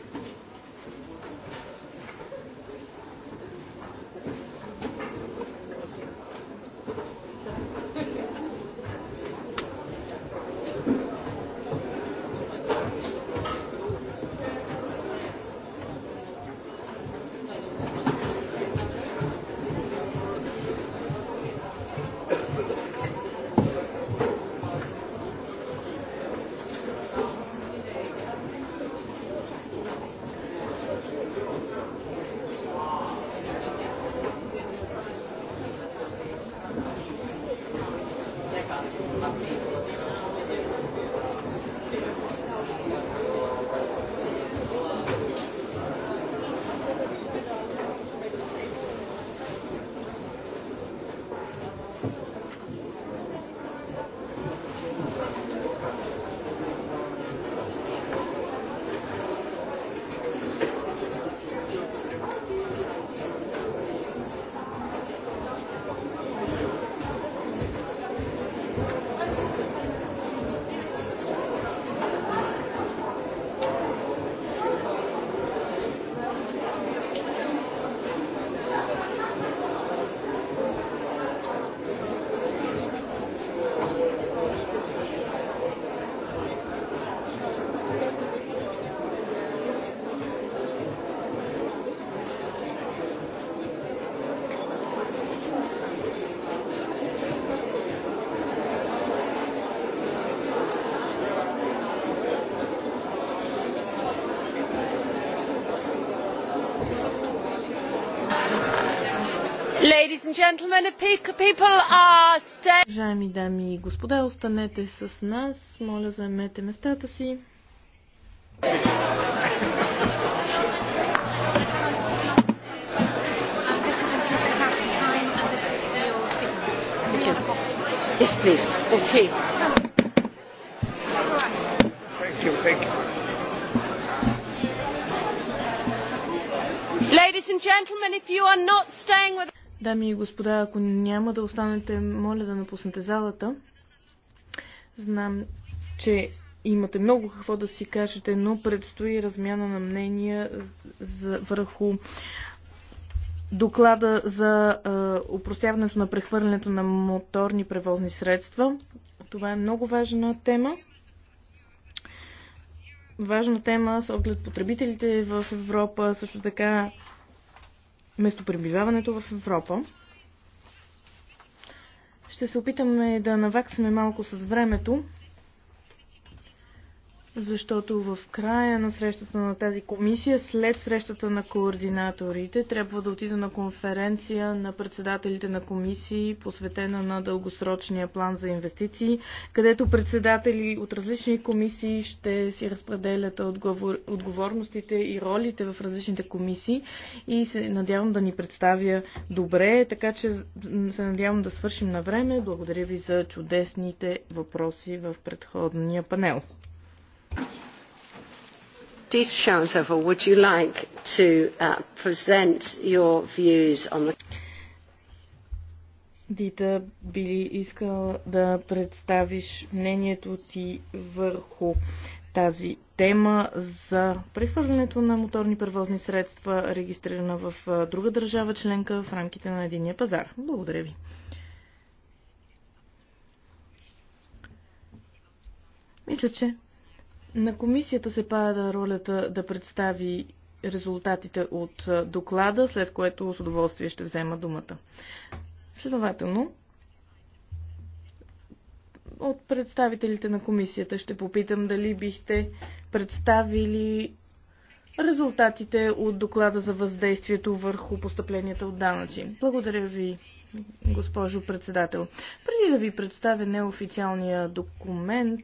Уважаеми дами и господа, останете с нас. Моля, заемете местата си. Yes, please. Or Thank you, thank you. Ladies and gentlemen, if you are not staying with Дами и господа, ако няма да останете, моля да напуснете залата. Знам, че имате много какво да си кажете, но предстои размяна на мнения за, върху доклада за е, упростяването на прехвърлянето на моторни превозни средства. Това е много важна тема. Важна тема с оглед потребителите в Европа, също така местопребиваването в Европа. Ще се опитаме да наваксаме малко с времето защото в края на срещата на тази комисия, след срещата на координаторите, трябва да отида на конференция на председателите на комисии, посветена на дългосрочния план за инвестиции, където председатели от различни комисии ще си разпределят отговор... отговорностите и ролите в различните комисии и се надявам да ни представя добре, така че се надявам да свършим на време. Благодаря ви за чудесните въпроси в предходния панел. Dieter Shansova, would you like to uh, present your views on the... Дита, би ли искала да представиш мнението ти върху тази тема за прехвърлянето на моторни превозни средства, регистрирана в друга държава членка в рамките на единия пазар? Благодаря ви. Мисля, че на комисията се пада ролята да представи резултатите от доклада, след което с удоволствие ще взема думата. Следователно, от представителите на комисията ще попитам дали бихте представили резултатите от доклада за въздействието върху постъпленията от данъци. Благодаря ви госпожо председател. Преди да ви представя неофициалния документ,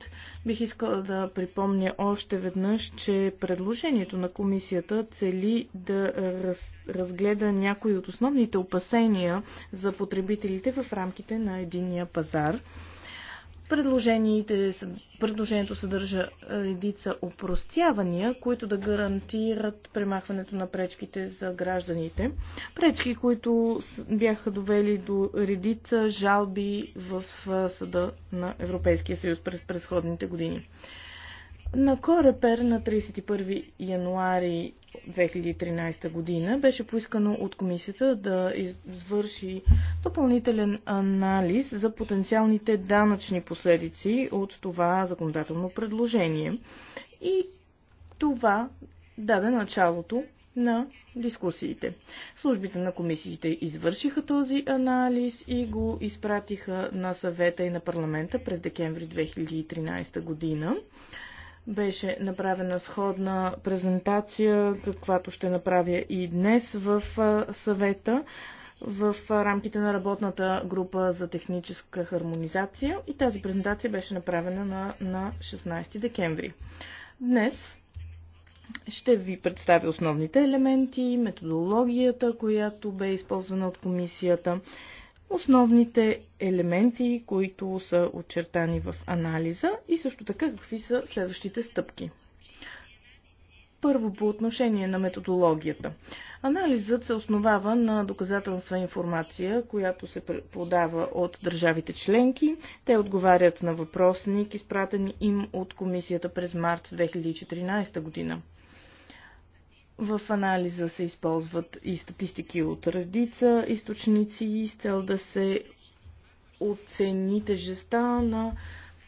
бих искала да припомня още веднъж, че предложението на комисията цели да раз, разгледа някои от основните опасения за потребителите в рамките на единия пазар Предложението съдържа е, редица упростявания, които да гарантират премахването на пречките за гражданите. Пречки, които бяха довели до редица жалби в е, съда на Европейския съюз през предходните години. На Корепер на 31 януари 2013 година беше поискано от комисията да извърши допълнителен анализ за потенциалните данъчни последици от това законодателно предложение. И това даде началото на дискусиите. Службите на комисиите извършиха този анализ и го изпратиха на съвета и на парламента през декември 2013 година. Беше направена сходна презентация, каквато ще направя и днес в съвета в рамките на работната група за техническа хармонизация и тази презентация беше направена на, на 16 декември. Днес ще ви представя основните елементи, методологията, която бе използвана от комисията основните елементи, които са очертани в анализа и също така какви са следващите стъпки. Първо по отношение на методологията. Анализът се основава на доказателства информация, която се подава от държавите членки. Те отговарят на въпросник, изпратени им от комисията през март 2014 година. В анализа се използват и статистики от редица източници с цел да се оцени тежестта на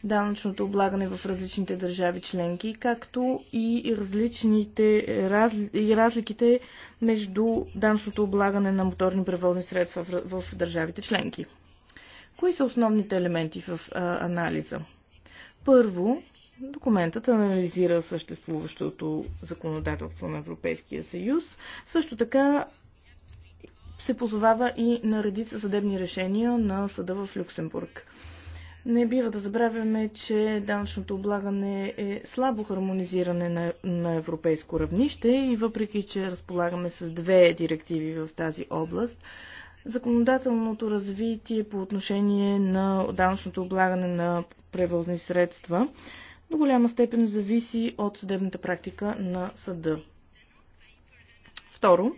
данъчното облагане в различните държави членки, както и различните раз, и разликите между данъчното облагане на моторни превозни средства в, в държавите членки. Кои са основните елементи в а, анализа? Първо, Документът анализира съществуващото законодателство на Европейския съюз. Също така се позовава и на редица съдебни решения на съда в Люксембург. Не бива да забравяме, че данъчното облагане е слабо хармонизиране на, на европейско равнище и въпреки, че разполагаме с две директиви в тази област, законодателното развитие по отношение на данъчното облагане на превозни средства до голяма степен зависи от съдебната практика на съда. Второ,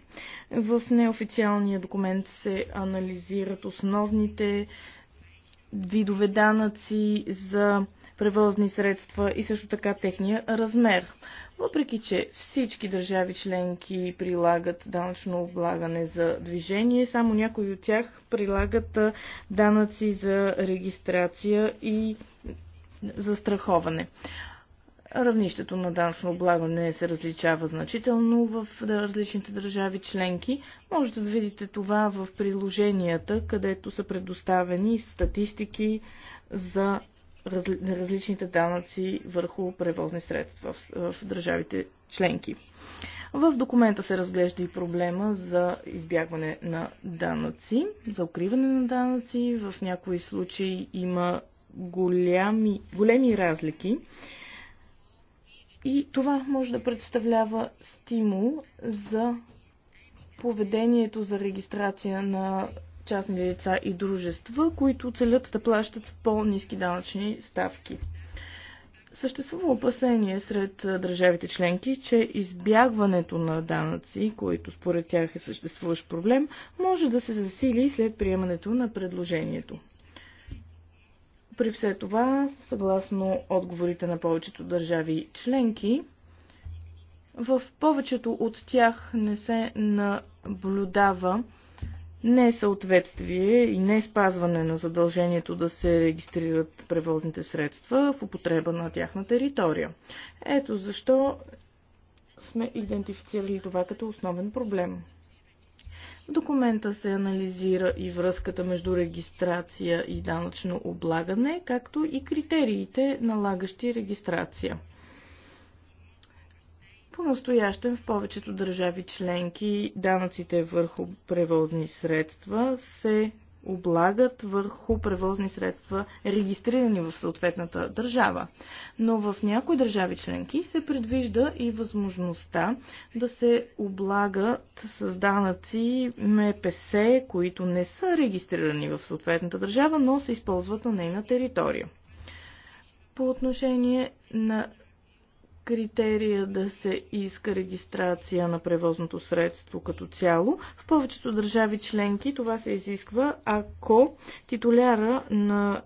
в неофициалния документ се анализират основните видове данъци за превозни средства и също така техния размер. Въпреки, че всички държави членки прилагат данъчно облагане за движение, само някои от тях прилагат данъци за регистрация и застраховане. Равнището на данъчно облагане се различава значително в различните държави членки. Можете да видите това в приложенията, където са предоставени статистики за различните данъци върху превозни средства в, в държавите членки. В документа се разглежда и проблема за избягване на данъци, за укриване на данъци. В някои случаи има голями, големи разлики. И това може да представлява стимул за поведението за регистрация на частни лица и дружества, които целят да плащат по-низки данъчни ставки. Съществува опасение сред държавите членки, че избягването на данъци, които според тях е съществуващ проблем, може да се засили след приемането на предложението. При все това, съгласно отговорите на повечето държави членки, в повечето от тях не се наблюдава несъответствие и не спазване на задължението да се регистрират превозните средства в употреба на тяхна територия. Ето защо сме идентифицирали това като основен проблем документа се анализира и връзката между регистрация и данъчно облагане, както и критериите, налагащи регистрация. По-настоящен в повечето държави членки данъците върху превозни средства се облагат върху превозни средства, регистрирани в съответната държава. Но в някои държави членки се предвижда и възможността да се облагат с данъци МПС, които не са регистрирани в съответната държава, но се използват на нейна територия. По отношение на критерия да се иска регистрация на превозното средство като цяло. В повечето държави членки това се изисква, ако титуляра на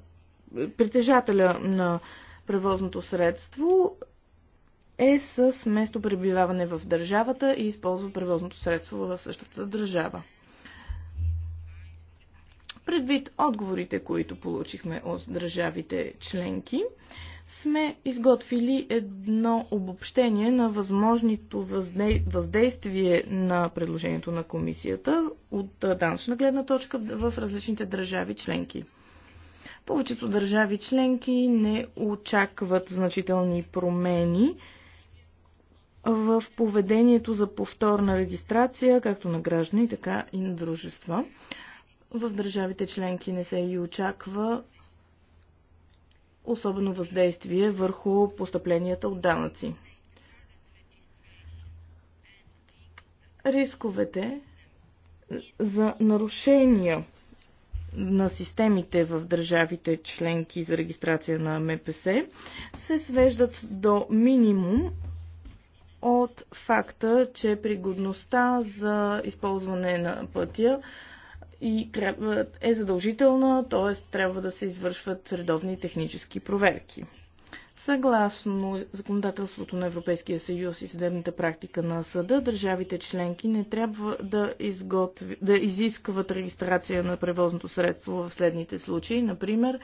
притежателя на превозното средство е с место пребиваване в държавата и използва превозното средство в същата държава. Предвид отговорите, които получихме от държавите членки, сме изготвили едно обобщение на възможното въздействие на предложението на комисията от данъчна гледна точка в различните държави членки. Повечето държави членки не очакват значителни промени в поведението за повторна регистрация, както на граждани, така и на дружества. В държавите членки не се и очаква особено въздействие върху постъпленията от данъци. Рисковете за нарушения на системите в държавите членки за регистрация на МПС се свеждат до минимум от факта, че пригодността за използване на пътя и е задължителна, т.е. трябва да се извършват редовни технически проверки. Съгласно законодателството на Европейския съюз и съдебната практика на съда, държавите членки не трябва да, изготви, да изискват регистрация на превозното средство в следните случаи. Например,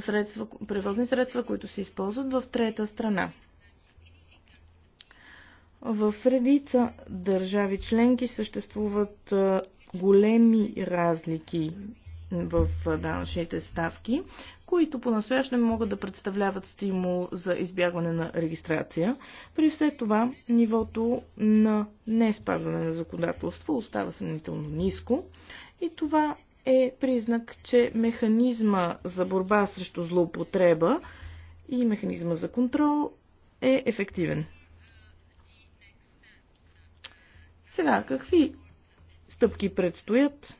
средства, превозни средства, които се използват в трета страна. В редица държави членки съществуват големи разлики в данъчните ставки, които по настояще могат да представляват стимул за избягване на регистрация. При все това нивото на не спазване на законодателство остава съмнително ниско и това е признак, че механизма за борба срещу злоупотреба и механизма за контрол е ефективен. Сега, какви стъпки предстоят,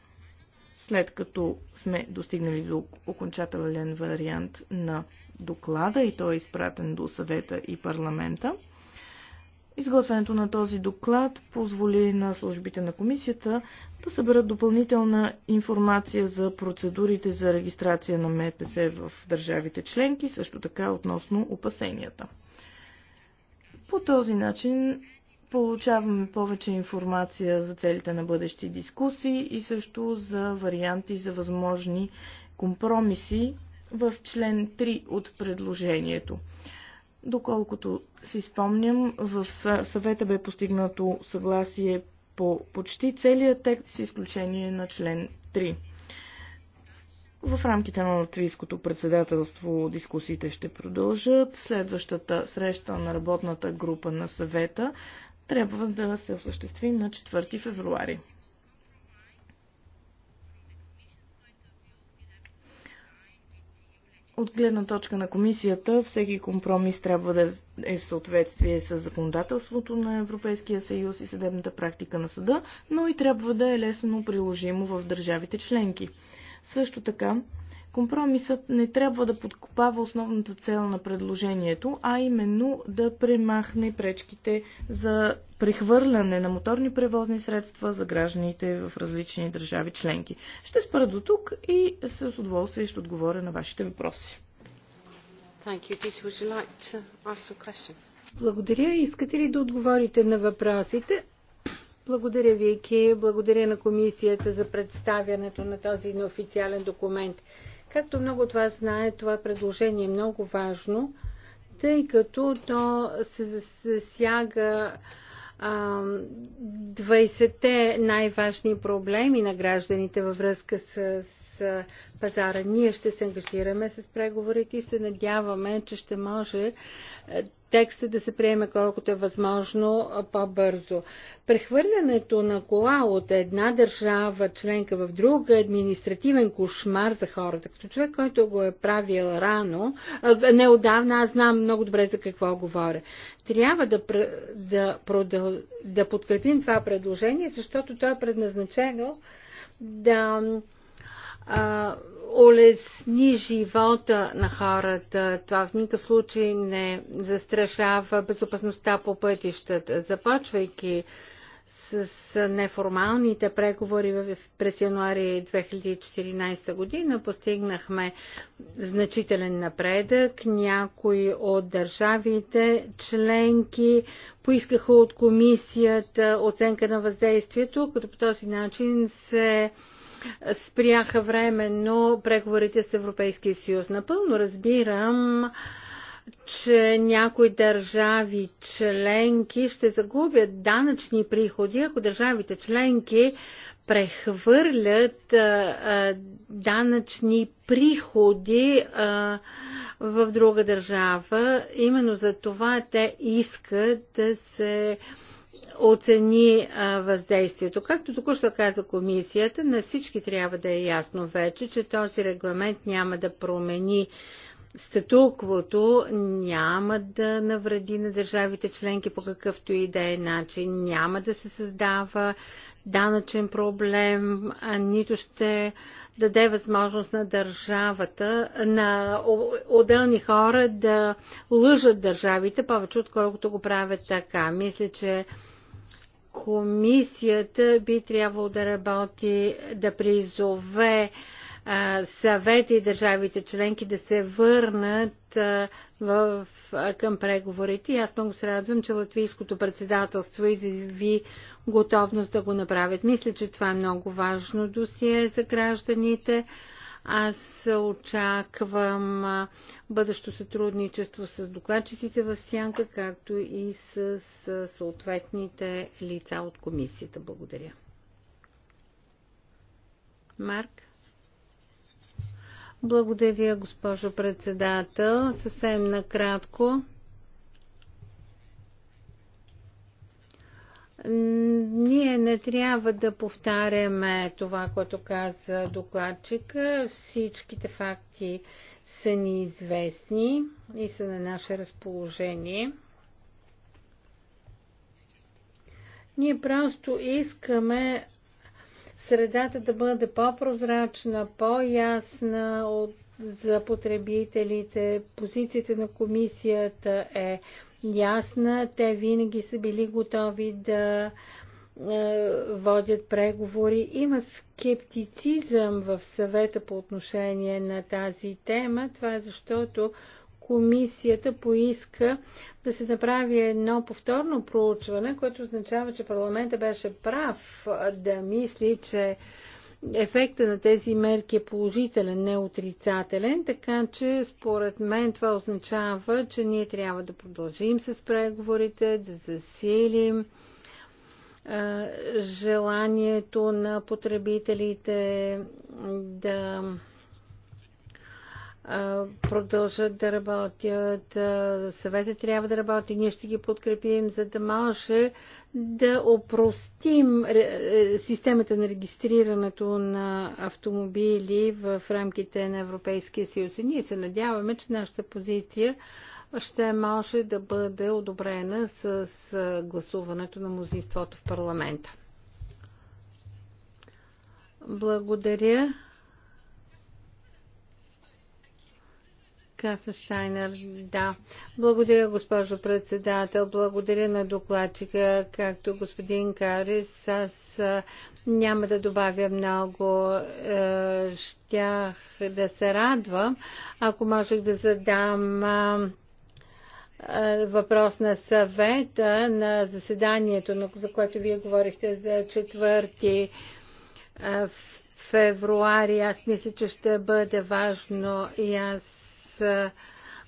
след като сме достигнали до окончателен вариант на доклада и той е изпратен до съвета и парламента. Изготвянето на този доклад позволи на службите на комисията да съберат допълнителна информация за процедурите за регистрация на МПС в държавите членки, също така относно опасенията. По този начин Получаваме повече информация за целите на бъдещи дискусии и също за варианти за възможни компромиси в член 3 от предложението. Доколкото си спомням, в съвета бе постигнато съгласие по почти целия текст, с изключение на член 3. В рамките на латвийското председателство дискусиите ще продължат. Следващата среща на работната група на съвета трябва да се осъществи на 4 февруари. От гледна точка на комисията, всеки компромис трябва да е в съответствие с законодателството на Европейския съюз и съдебната практика на съда, но и трябва да е лесно приложимо в държавите членки. Също така, Компромисът не трябва да подкопава основната цел на предложението, а именно да премахне пречките за прехвърляне на моторни превозни средства за гражданите в различни държави членки. Ще спра до тук и с удоволствие ще отговоря на вашите въпроси. Благодаря. Искате ли да отговорите на въпросите? Благодаря, Вики. Благодаря на комисията за представянето на този неофициален документ. Както много от вас знае, това предложение е много важно, тъй като то се засяга 20-те най-важни проблеми на гражданите във връзка с пазара. Ние ще се ангажираме с преговорите и се надяваме, че ще може текста да се приеме колкото е възможно по-бързо. Прехвърлянето на кола от една държава членка в друга е административен кошмар за хората. Като човек, който го е правил рано, неодавна, аз знам много добре за какво говоря. Трябва да, да, продъл, да подкрепим това предложение, защото то е предназначено да а, улесни живота на хората. Това в никакъв случай не застрашава безопасността по пътищата. Започвайки с неформалните преговори през януари 2014 година постигнахме значителен напредък. Някои от държавите членки поискаха от комисията оценка на въздействието, като по този начин се спряха временно преговорите с Европейския съюз. Напълно разбирам, че някои държави членки ще загубят данъчни приходи, ако държавите членки прехвърлят а, а, данъчни приходи а, в друга държава. Именно за това те искат да се а, оцени а, въздействието. Както току-що каза комисията, на всички трябва да е ясно вече, че този регламент няма да промени статуквото, няма да навреди на държавите членки по какъвто и да е начин, няма да се създава данъчен проблем, а нито ще даде възможност на държавата, на отделни хора да лъжат държавите повече, отколкото го правят така. Мисля, че комисията би трябвало да работи, да призове съвета и държавите членки да се върнат в, към преговорите. И аз много се радвам, че латвийското председателство изяви готовност да го направят. Мисля, че това е много важно досие за гражданите. Аз очаквам бъдещо сътрудничество с докладчиците в Сянка, както и с съответните лица от комисията. Благодаря. Марк? Благодаря, госпожо председател. Съвсем накратко. Ние не трябва да повтаряме това, което каза докладчика. Всичките факти са ни известни и са на наше разположение. Ние просто искаме средата да бъде по-прозрачна, по-ясна от за потребителите. Позицията на комисията е ясна. Те винаги са били готови да е, водят преговори. Има скептицизъм в съвета по отношение на тази тема. Това е защото комисията поиска да се направи едно повторно проучване, което означава, че парламента беше прав да мисли, че ефекта на тези мерки е положителен, не отрицателен, така че според мен това означава, че ние трябва да продължим с преговорите, да засилим желанието на потребителите да продължат да работят, съвета трябва да работи, ние ще ги подкрепим, за да може да опростим е, системата на регистрирането на автомобили в рамките на Европейския съюз. И ние се надяваме, че нашата позиция ще може да бъде одобрена с гласуването на мнозинството в парламента. Благодаря. Каса Штайнер, да. Благодаря, госпожо председател. Благодаря на докладчика, както господин Карис. Аз няма да добавя много. Е, щях да се радвам, ако можех да задам въпрос на съвета на заседанието, за което вие говорихте за четвърти февруари. Аз мисля, че ще бъде важно и аз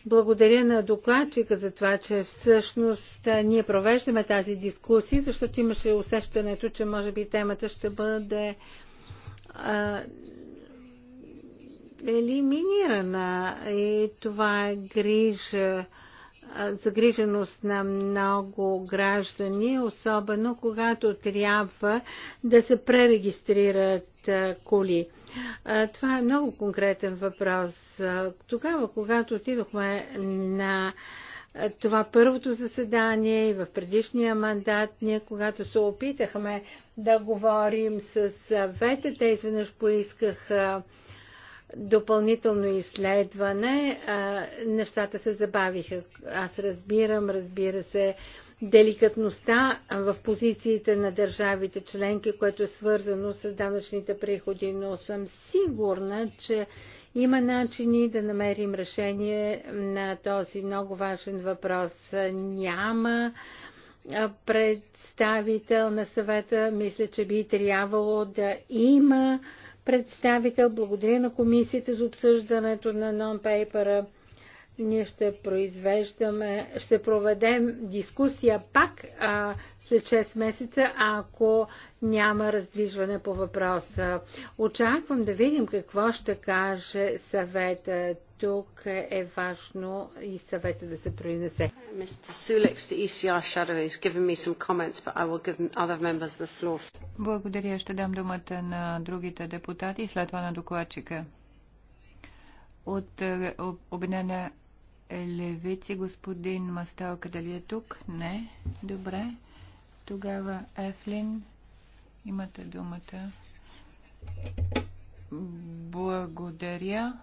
благодаря на докладчика за това, че всъщност ние провеждаме тази дискусия, защото имаше усещането, че може би темата ще бъде елиминирана и това е грижа загриженост на много граждани, особено когато трябва да се пререгистрират коли. Това е много конкретен въпрос. Тогава, когато отидохме на това първото заседание и в предишния мандат, ние когато се опитахме да говорим с съвета, те изведнъж поисках допълнително изследване, нещата се забавиха. Аз разбирам, разбира се, деликатността в позициите на държавите членки, което е свързано с данъчните приходи, но съм сигурна, че има начини да намерим решение на този много важен въпрос. Няма представител на съвета, мисля, че би трябвало да има представител. Благодаря на комисията за обсъждането на нон-пейпера. Ние ще произвеждаме, ще проведем дискусия пак а, след 6 месеца, ако няма раздвижване по въпроса. Очаквам да видим какво ще каже съвета. Тук е важно и съвета да се произнесе. E Благодаря. Ще дам думата на другите депутати и след това на докладчика. От е, Обединена левици, господин Масталка, дали е тук? Не. Добре. Тогава Ефлин, имате думата. Благодаря.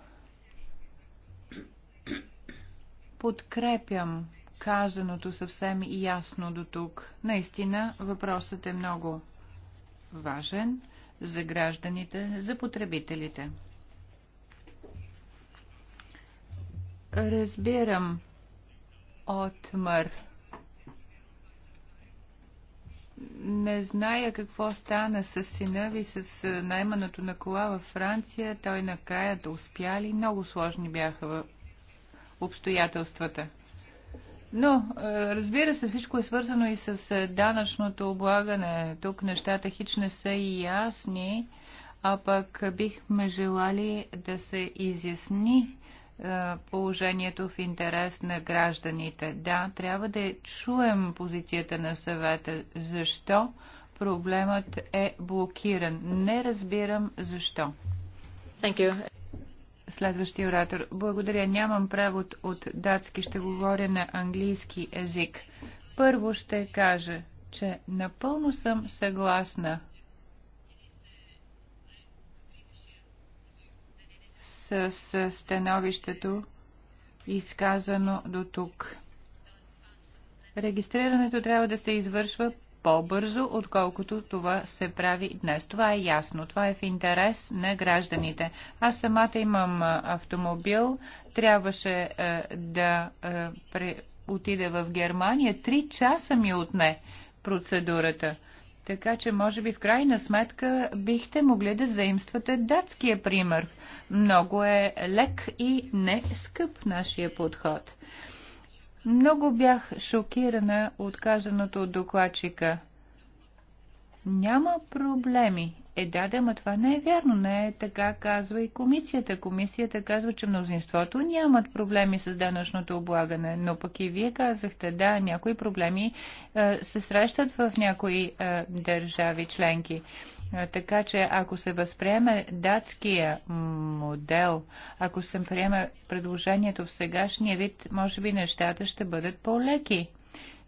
Подкрепям казаното съвсем ясно до тук. Наистина въпросът е много важен за гражданите, за потребителите. Разбирам, Отмър. Не зная какво стана с сина ви, с найманото на кола във Франция. Той накрая да успяли. Много сложни бяха в обстоятелствата. Но, разбира се, всичко е свързано и с данъчното облагане. Тук нещата хич не са и ясни, а пък бихме желали да се изясни е, положението в интерес на гражданите. Да, трябва да чуем позицията на съвета. Защо проблемът е блокиран? Не разбирам защо. Thank you. Следващия оратор. Благодаря. Нямам превод от датски. Ще говоря на английски език. Първо ще кажа, че напълно съм съгласна с становището изказано до тук. Регистрирането трябва да се извършва по-бързо, отколкото това се прави днес. Това е ясно. Това е в интерес на гражданите. Аз самата имам автомобил. Трябваше е, да е, отида в Германия. Три часа ми отне процедурата. Така че, може би, в крайна сметка, бихте могли да заимствате датския пример. Много е лек и не скъп нашия подход. Много бях шокирана от казаното от докладчика – няма проблеми. Е, да, да, ма това не е вярно. Не е така казва и комисията. Комисията казва, че мнозинството нямат проблеми с данъчното облагане, но пък и вие казахте, да, някои проблеми е, се срещат в някои е, държави членки. Е, така че ако се възприеме датския модел, ако се приеме предложението в сегашния вид, може би нещата ще бъдат по-леки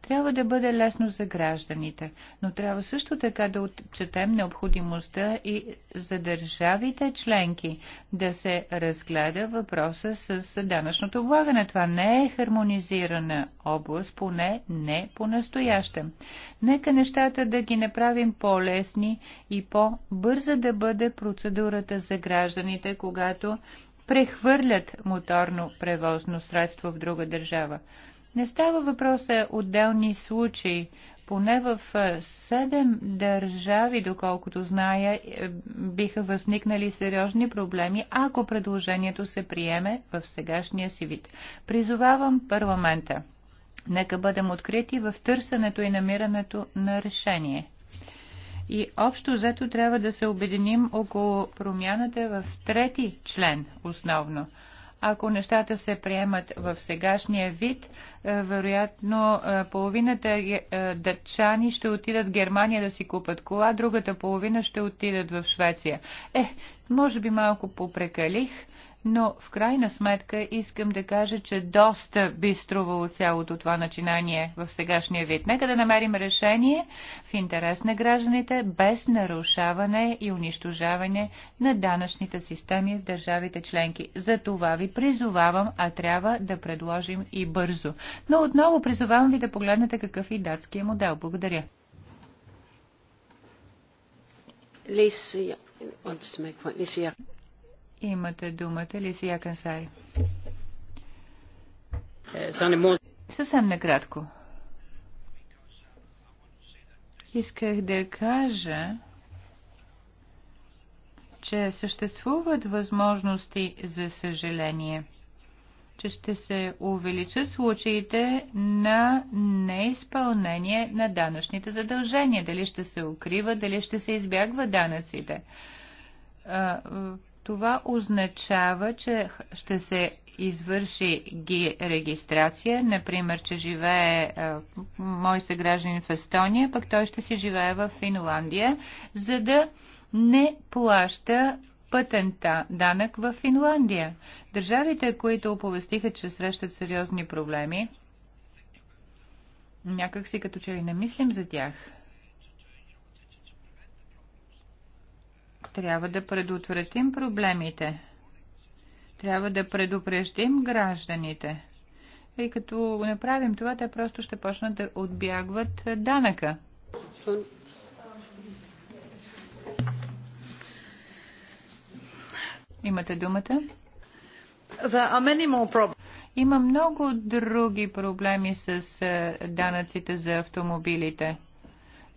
трябва да бъде лесно за гражданите, но трябва също така да отчетем необходимостта и за държавите членки да се разгледа въпроса с данъчното облагане. Това не е хармонизирана област, поне не по настояще Нека нещата да ги направим по-лесни и по-бърза да бъде процедурата за гражданите, когато прехвърлят моторно превозно средство в друга държава. Не става въпрос за отделни случаи. Поне в е, седем държави, доколкото зная, е, биха възникнали сериозни проблеми, ако предложението се приеме в сегашния си вид. Призовавам парламента. Нека бъдем открити в търсенето и намирането на решение. И общо взето трябва да се обединим около промяната в трети член основно – ако нещата се приемат в сегашния вид, е, вероятно е, половината е, дъчани ще отидат в Германия да си купат кола, другата половина ще отидат в Швеция. Е, може би малко попрекалих, но в крайна сметка искам да кажа, че доста би струвало цялото това начинание в сегашния вид. Нека да намерим решение в интерес на гражданите, без нарушаване и унищожаване на данъчните системи в държавите членки. За това ви призовавам, а трябва да предложим и бързо. Но отново призовавам ви да погледнете какъв и датския модел. Благодаря. Лисия. Имате думата, Лисия Кансари. Съвсем накратко. Исках да кажа, че съществуват възможности за съжаление, че ще се увеличат случаите на неизпълнение на данъчните задължения, дали ще се укрива, дали ще се избягва данъците това означава, че ще се извърши ги регистрация, например, че живее е, мой съгражданин в Естония, пък той ще си живее в Финландия, за да не плаща пътен данък в Финландия. Държавите, които оповестиха, че срещат сериозни проблеми, някак си като че ли не мислим за тях – Трябва да предотвратим проблемите. Трябва да предупреждим гражданите. И като направим това, те просто ще почнат да отбягват данъка. Имате думата. Има много други проблеми с е, данъците за автомобилите.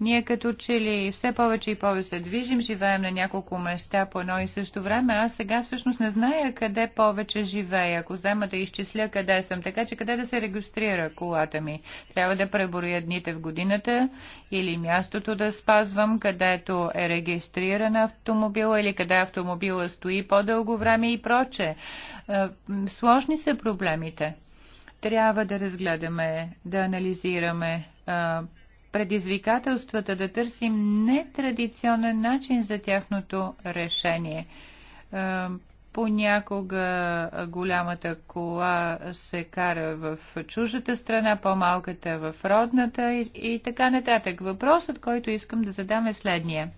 Ние като че ли все повече и повече се движим, живеем на няколко места по едно и също време. Аз сега всъщност не зная къде повече живея. Ако взема да изчисля къде съм, така че къде да се регистрира колата ми. Трябва да преборя дните в годината или мястото да спазвам, където е регистриран автомобила или къде автомобила стои по-дълго време и проче. Е, сложни са проблемите. Трябва да разгледаме, да анализираме е, предизвикателствата, да търсим нетрадиционен начин за тяхното решение. Е, понякога голямата кола се кара в чужата страна, по-малката в родната и, и така нататък. Въпросът, който искам да задам е следния.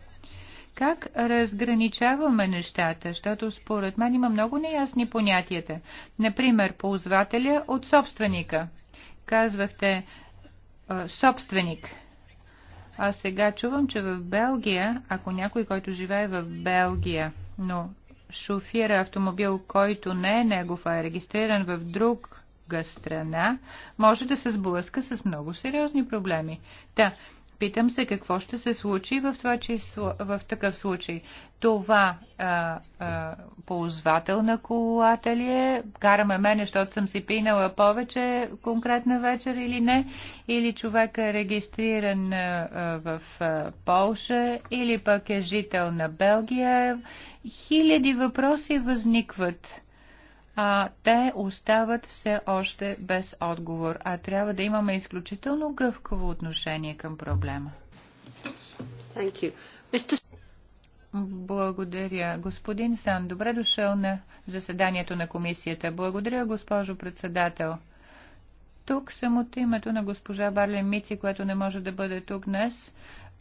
Как разграничаваме нещата, защото според мен има много неясни понятията. Например, ползвателя от собственика. Казвахте, е, собственик – а сега чувам, че в Белгия, ако някой, който живее в Белгия, но шофира автомобил, който не е негов, а е регистриран в друг друга страна, може да се сблъска с много сериозни проблеми. Та, да, Питам се какво ще се случи в, това число, в такъв случай. Това а, а, ползвател на колата ли е? Караме мене, защото съм си пинала повече конкретна вечер или не? Или човек е регистриран а, в а, Полша? Или пък е жител на Белгия? Хиляди въпроси възникват а, те остават все още без отговор, а трябва да имаме изключително гъвкаво отношение към проблема. Thank you. Mr. Благодаря. Господин Сан, добре дошъл на заседанието на комисията. Благодаря, госпожо председател. Тук съм от името на госпожа Барлен Мици, която не може да бъде тук днес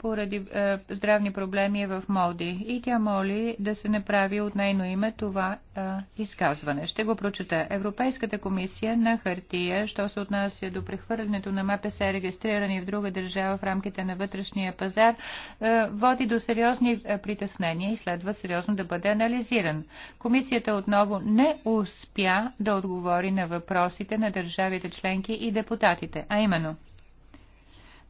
поради е, здравни проблеми е в Молди и тя моли да се направи от нейно име това е, изказване. Ще го прочета. Европейската комисия на хартия, що се отнася до прехвърлянето на МПС, регистрирани в друга държава в рамките на вътрешния пазар, е, води до сериозни е, притеснения и следва сериозно да бъде анализиран. Комисията отново не успя да отговори на въпросите на държавите членки и депутатите, а именно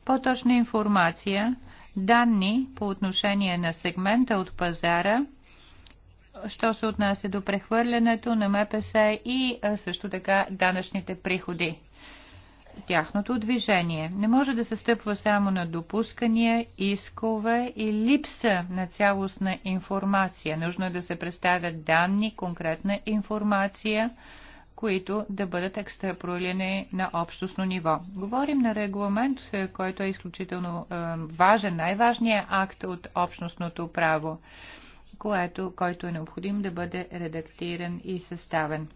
по-точна информация данни по отношение на сегмента от пазара, що се отнася до прехвърлянето на МПС и също така данъчните приходи. Тяхното движение не може да се стъпва само на допускания, искове и липса на цялостна информация. Нужно е да се представят данни, конкретна информация, които да бъдат екстраполирани на общностно ниво. Говорим на регламент, е, който е изключително е, важен, най-важният акт от общностното право, което, който е необходим да бъде редактиран и съставен.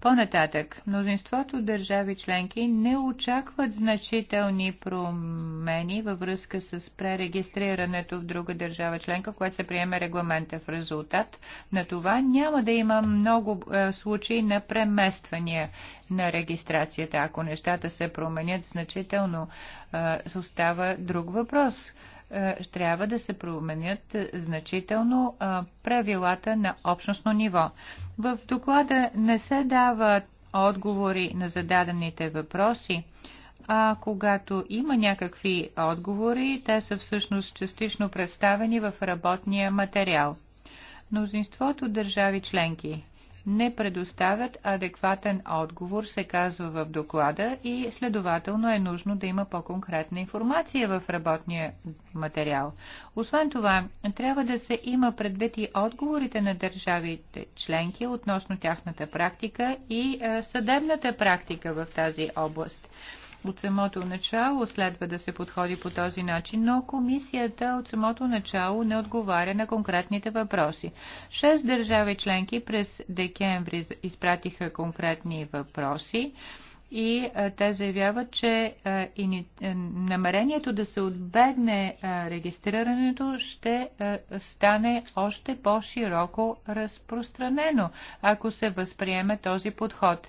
По-нататък, мнозинството държави членки не очакват значителни промени във връзка с пререгистрирането в друга държава членка, която се приеме регламента в резултат. На това няма да има много е, случаи на премествания на регистрацията. Ако нещата се променят значително, е, остава друг въпрос. Е, трябва да се променят значително е, правилата на общностно ниво. В доклада не се дават отговори на зададените въпроси, а когато има някакви отговори, те са всъщност частично представени в работния материал. Мнозинството държави членки не предоставят адекватен отговор, се казва в доклада и следователно е нужно да има по-конкретна информация в работния материал. Освен това, трябва да се има предвид и отговорите на държавите членки относно тяхната практика и е, съдебната практика в тази област. От самото начало следва да се подходи по този начин, но комисията от самото начало не отговаря на конкретните въпроси. Шест държави членки през декември изпратиха конкретни въпроси и те заявяват, че е, намерението да се отбегне регистрирането ще стане още по-широко разпространено, ако се възприеме този подход.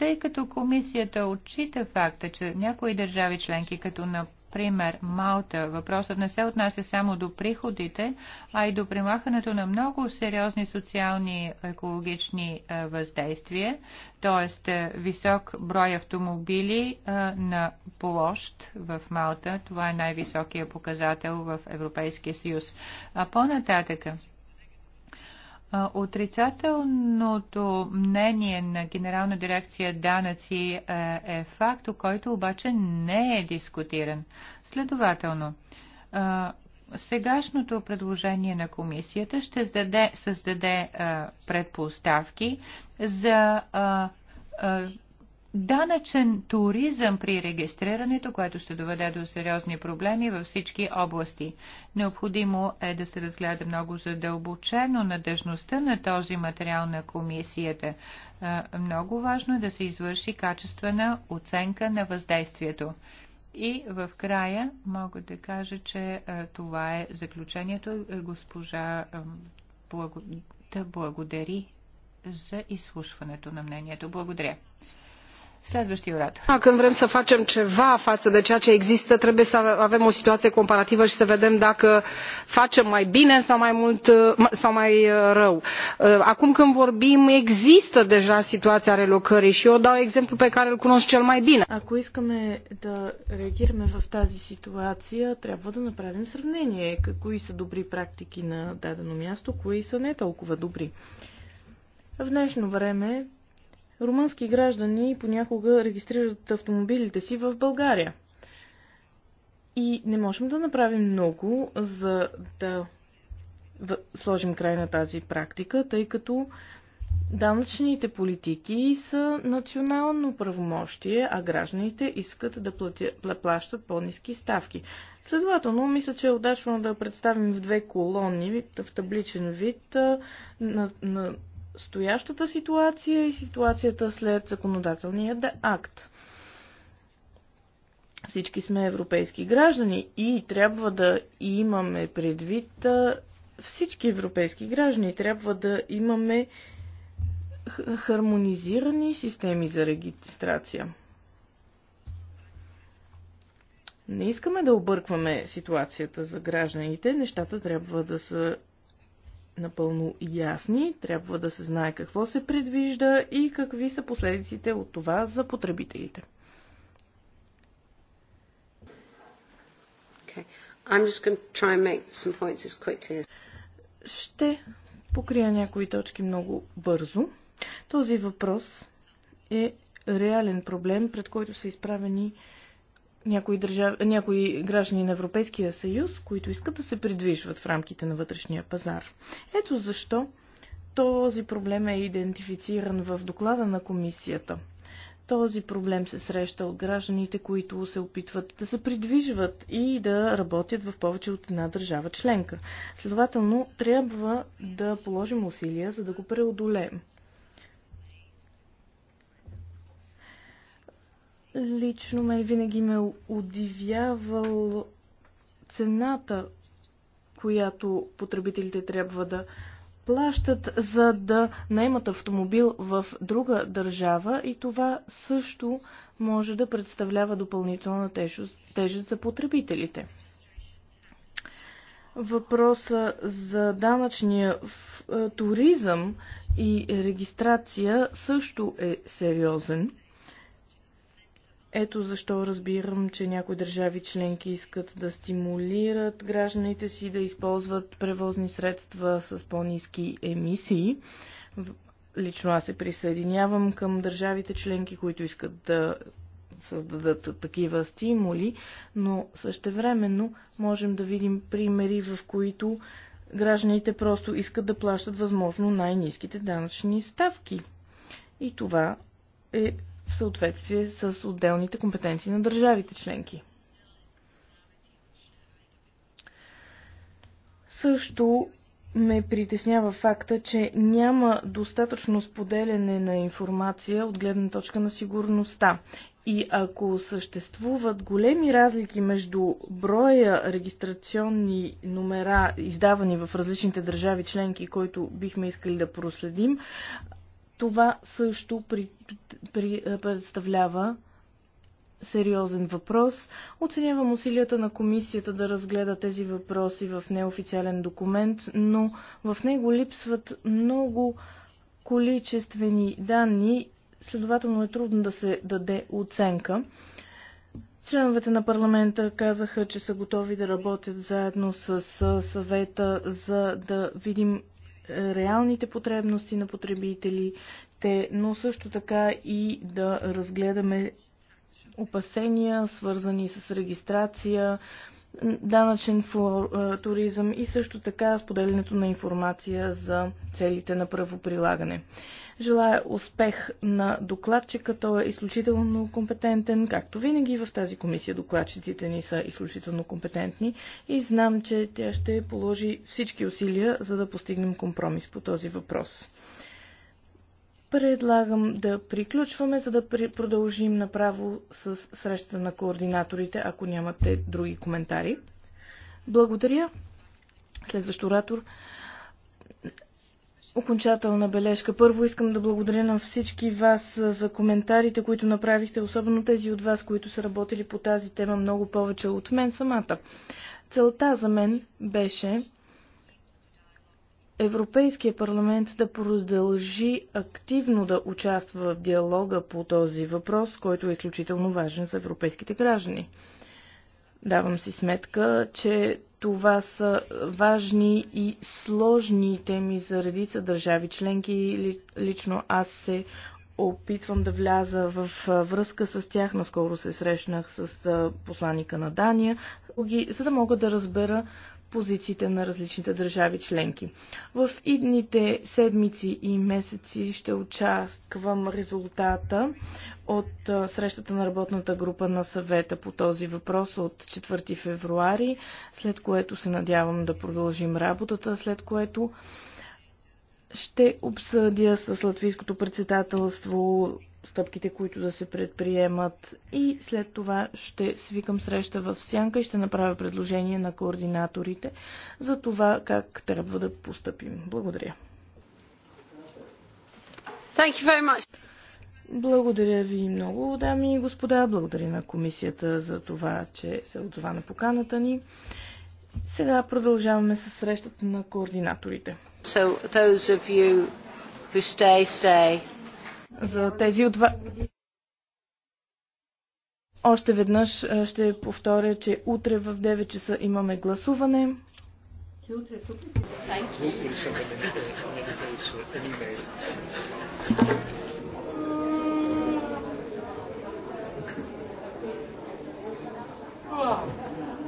Тъй като комисията отчита факта, че някои държави членки, като например Малта, въпросът не се отнася само до приходите, а и до примахането на много сериозни социални екологични е, въздействия, т.е. висок брой автомобили е, на площ в Малта. Това е най-високия показател в Европейския съюз. А по-нататъка – Отрицателното мнение на Генерална дирекция данъци е, е факт, който обаче не е дискутиран. Следователно, сегашното предложение на комисията ще създаде, създаде предпоставки за данъчен туризъм при регистрирането, което ще доведе до сериозни проблеми във всички области. Необходимо е да се разгледа много задълбочено надежността на този материал на комисията. Е, много важно е да се извърши качествена оценка на въздействието. И в края мога да кажа, че е, това е заключението. Е, госпожа благо... да благодари за изслушването на мнението. Благодаря. Следващия оратор. Când vrem să facem ceva față de ceea ce există, trebuie să avem o situație comparativă și să vedem dacă facem mai bine sau mai mult sau mai rău. Acum când vorbim, există deja situația relocării și eu dau exemplu pe care îl cunosc cel mai bine. Ако искаме да реагираме в тази ситуация, трябва да направим сравнение. Кои са добри практики на дадено място, кои са не толкова добри. В днешно време Румънски граждани понякога регистрират автомобилите си в България. И не можем да направим много, за да сложим край на тази практика, тъй като данъчните политики са национално правомощие, а гражданите искат да платя, плащат по-низки ставки. Следователно, мисля, че е удачно да представим в две колони в табличен вид на, на Стоящата ситуация и ситуацията след законодателния акт. Всички сме европейски граждани и трябва да имаме предвид всички европейски граждани. Трябва да имаме хармонизирани системи за регистрация. Не искаме да объркваме ситуацията за гражданите. Нещата трябва да са напълно ясни, трябва да се знае какво се предвижда и какви са последиците от това за потребителите. Okay. I'm just try and make some points as quickly as... Ще покрия някои точки много бързо. Този въпрос е реален проблем, пред който са изправени някои, държав... някои граждани на Европейския съюз, които искат да се придвижват в рамките на вътрешния пазар. Ето защо този проблем е идентифициран в доклада на комисията. Този проблем се среща от гражданите, които се опитват да се придвижват и да работят в повече от една държава членка. Следователно, трябва да положим усилия, за да го преодолеем. Лично ме, винаги ме удивявал цената, която потребителите трябва да плащат, за да наемат автомобил в друга държава и това също може да представлява допълнителна тежест за потребителите. Въпроса за данъчния е, туризъм и регистрация също е сериозен. Ето защо разбирам, че някои държави членки искат да стимулират гражданите си да използват превозни средства с по-низки емисии. Лично аз се присъединявам към държавите членки, които искат да създадат такива стимули, но същевременно можем да видим примери, в които гражданите просто искат да плащат възможно най-низките данъчни ставки. И това е в съответствие с отделните компетенции на държавите членки. Също ме притеснява факта, че няма достатъчно споделяне на информация от гледна точка на сигурността. И ако съществуват големи разлики между броя регистрационни номера, издавани в различните държави членки, които бихме искали да проследим, това също при, при, е, представлява сериозен въпрос. Оценявам усилията на комисията да разгледа тези въпроси в неофициален документ, но в него липсват много количествени данни, следователно е трудно да се даде оценка. Членовете на парламента казаха, че са готови да работят заедно с съвета, за да видим реалните потребности на потребителите, но също така и да разгледаме опасения, свързани с регистрация, данъчен туризъм и също така споделянето на информация за целите на правоприлагане. Желая успех на докладчика. Той е изключително компетентен, както винаги в тази комисия докладчиците ни са изключително компетентни и знам, че тя ще положи всички усилия, за да постигнем компромис по този въпрос. Предлагам да приключваме, за да продължим направо с среща на координаторите, ако нямате други коментари. Благодаря. Следващ оратор окончателна бележка. Първо искам да благодаря на всички вас за коментарите, които направихте, особено тези от вас, които са работили по тази тема много повече от мен самата. Целта за мен беше Европейския парламент да продължи активно да участва в диалога по този въпрос, който е изключително важен за европейските граждани. Давам си сметка, че това са важни и сложни теми за редица държави членки лично аз се опитвам да вляза в връзка с тях. Наскоро се срещнах с посланика на Дания, за да мога да разбера позициите на различните държави членки. В идните седмици и месеци ще очаквам резултата от срещата на работната група на съвета по този въпрос от 4 февруари, след което се надявам да продължим работата, след което ще обсъдя с латвийското председателство стъпките, които да се предприемат и след това ще свикам среща в Сянка и ще направя предложение на координаторите за това как трябва да поступим. Благодаря. Thank you very much. Благодаря ви много, дами и господа. Благодаря на комисията за това, че се отзова на поканата ни. Сега продължаваме с срещата на координаторите. So, those of you who stay, stay. За тези от вас... Още веднъж ще повторя, че утре в 9 часа имаме гласуване. Wow.